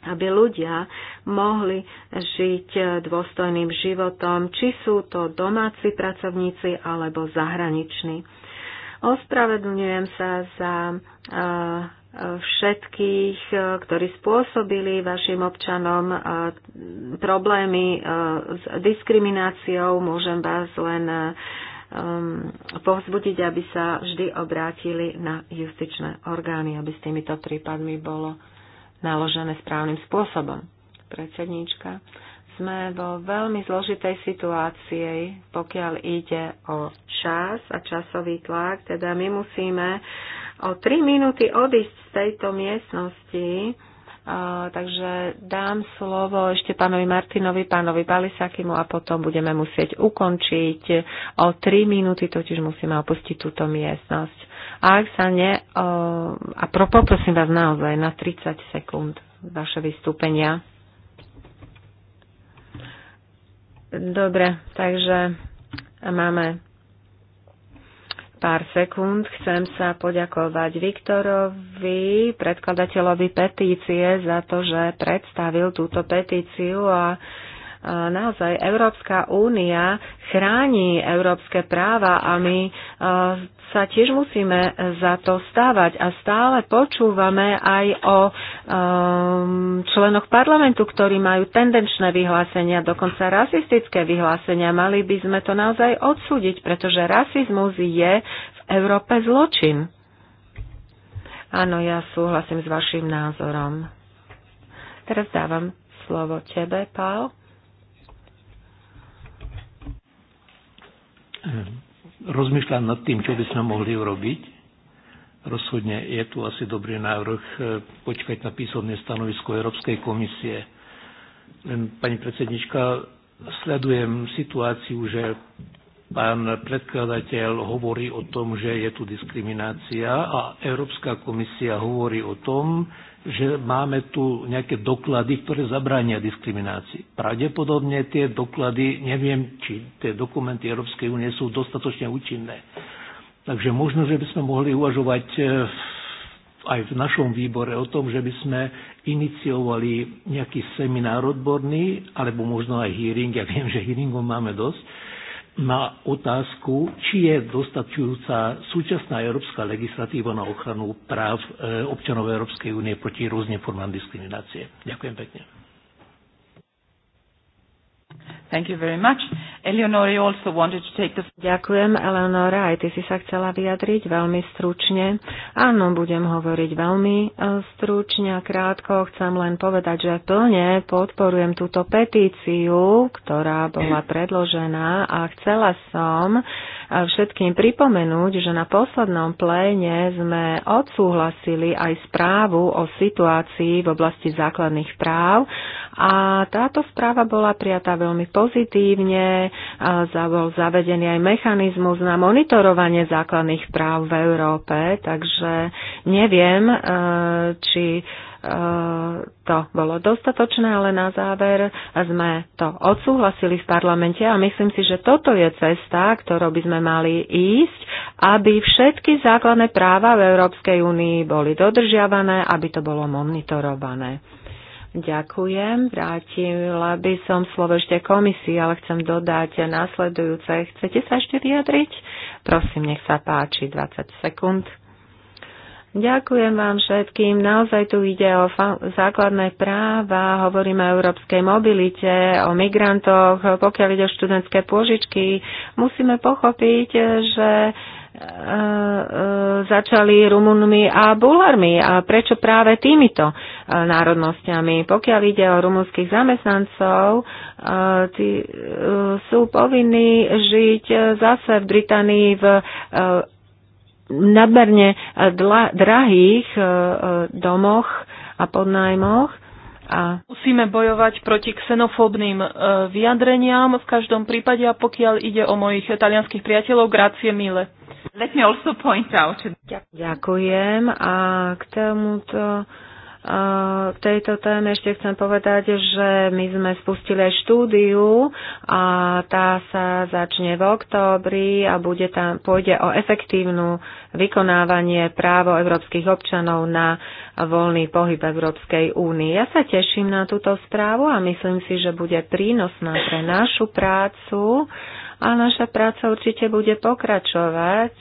aby ľudia mohli žiť e, dôstojným životom, či sú to domáci pracovníci alebo zahraniční. Ospravedlňujem sa za všetkých, e, ktorí spôsobili vašim občanom e, problémy e, s diskrimináciou. Môžem vás len povzbudiť, aby sa vždy obrátili na justičné orgány, aby s týmito prípadmi bolo naložené správnym spôsobom. Predsedníčka, sme vo veľmi zložitej situácii, pokiaľ ide o čas a časový tlak, teda my musíme uh, o 3 minúty odísť z tejto miestnosti, takže dám slovo ešte pánovi Martinovi, pánovi Balisakimu a potom budeme musieť ukončiť. O 3 minúty totiž musíme opustiť túto miestnosť. A ak sa ne, a poprosím vás naozaj na 30 sekúnd vaše vystúpenia. Dobre, takže máme pár sekúnd chcem sa poďakovať Viktorovi, predkladateľovi petície, za to, že predstavil túto petíciu a naozaj Európska únia chráni európske práva a my e, sa tiež musíme za to stávať. A stále počúvame aj o e, členoch parlamentu, ktorí majú tendenčné vyhlásenia, dokonca rasistické vyhlásenia. Mali by sme to naozaj odsúdiť, pretože rasizmus je v Európe zločin. Áno, ja súhlasím s vašim názorom. Teraz dávam slovo tebe, Pál. Eh, rozmýšľam nad tým, čo by sme mohli urobiť. Rozhodne je tu asi dobrý návrh eh, počkať na písomné stanovisko Európskej komisie. Len, pani predsednička, sledujem situáciu, že pán predkladateľ hovorí o tom, že je tu diskriminácia a Európska komisia hovorí o tom, že máme tu nejaké doklady, ktoré zabránia diskriminácii. Pravdepodobne tie doklady, neviem, či tie dokumenty Európskej únie sú dostatočne účinné. Takže možno, že by sme mohli uvažovať e, aj v našom výbore o tom, že by sme iniciovali nejaký seminár odborný, alebo možno aj hearing, ja viem, že hearingov máme dosť, na otázku, či je dostačujúca súčasná európska legislatíva na ochranu práv e, občanov Európskej únie proti rôznym formám diskriminácie. Ďakujem pekne. Thank you very much. Eleonore also wanted to take the... Ďakujem, Eleonora, aj ty si sa chcela vyjadriť veľmi stručne. Áno, budem hovoriť veľmi e, stručne a krátko. Chcem len povedať, že plne podporujem túto petíciu, ktorá bola predložená a chcela som všetkým pripomenúť, že na poslednom pléne sme odsúhlasili aj správu o situácii v oblasti základných práv a táto správa bola prijatá veľmi pozitívne, bol zavedený aj mechanizmus na monitorovanie základných práv v Európe, takže neviem, e, či to bolo dostatočné, ale na záver sme to odsúhlasili v parlamente a myslím si, že toto je cesta, ktorou by sme mali ísť, aby všetky základné práva v Európskej únii boli dodržiavané, aby to bolo monitorované. Ďakujem. Vrátila by som slovo ešte komisii, ale chcem dodať následujúce. Chcete sa ešte vyjadriť? Prosím, nech sa páči, 20 sekúnd. Ďakujem vám všetkým. Naozaj tu ide o základné práva, hovoríme o európskej mobilite, o migrantoch. Pokiaľ ide o študentské pôžičky, musíme pochopiť, že e, e, začali Rumunmi a Bulharmi. A prečo práve týmito e, národnosťami? Pokiaľ ide o rumunských zamestnancov, tí sú povinní žiť zase v Británii v nadmerne eh, drahých eh, eh, domoch a podnájmoch. A... Musíme bojovať proti xenofóbnym vyjadreniam v každom prípade a pokiaľ ide o mojich talianských priateľov, grácie mile. Let me also point out. Ďakujem a k tomuto k tejto téme ešte chcem povedať, že my sme spustili aj štúdiu a tá sa začne v októbri a bude tam, pôjde o efektívnu vykonávanie právo európskych občanov na voľný pohyb Európskej únie. Ja sa teším na túto správu a myslím si, že bude prínosná pre našu prácu a naša práca určite bude pokračovať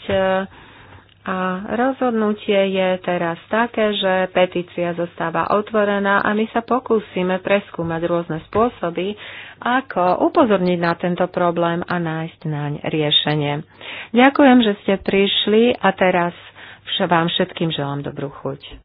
a rozhodnutie je teraz také, že petícia zostáva otvorená a my sa pokúsime preskúmať rôzne spôsoby, ako upozorniť na tento problém a nájsť naň riešenie. Ďakujem, že ste prišli a teraz vám všetkým želám dobrú chuť.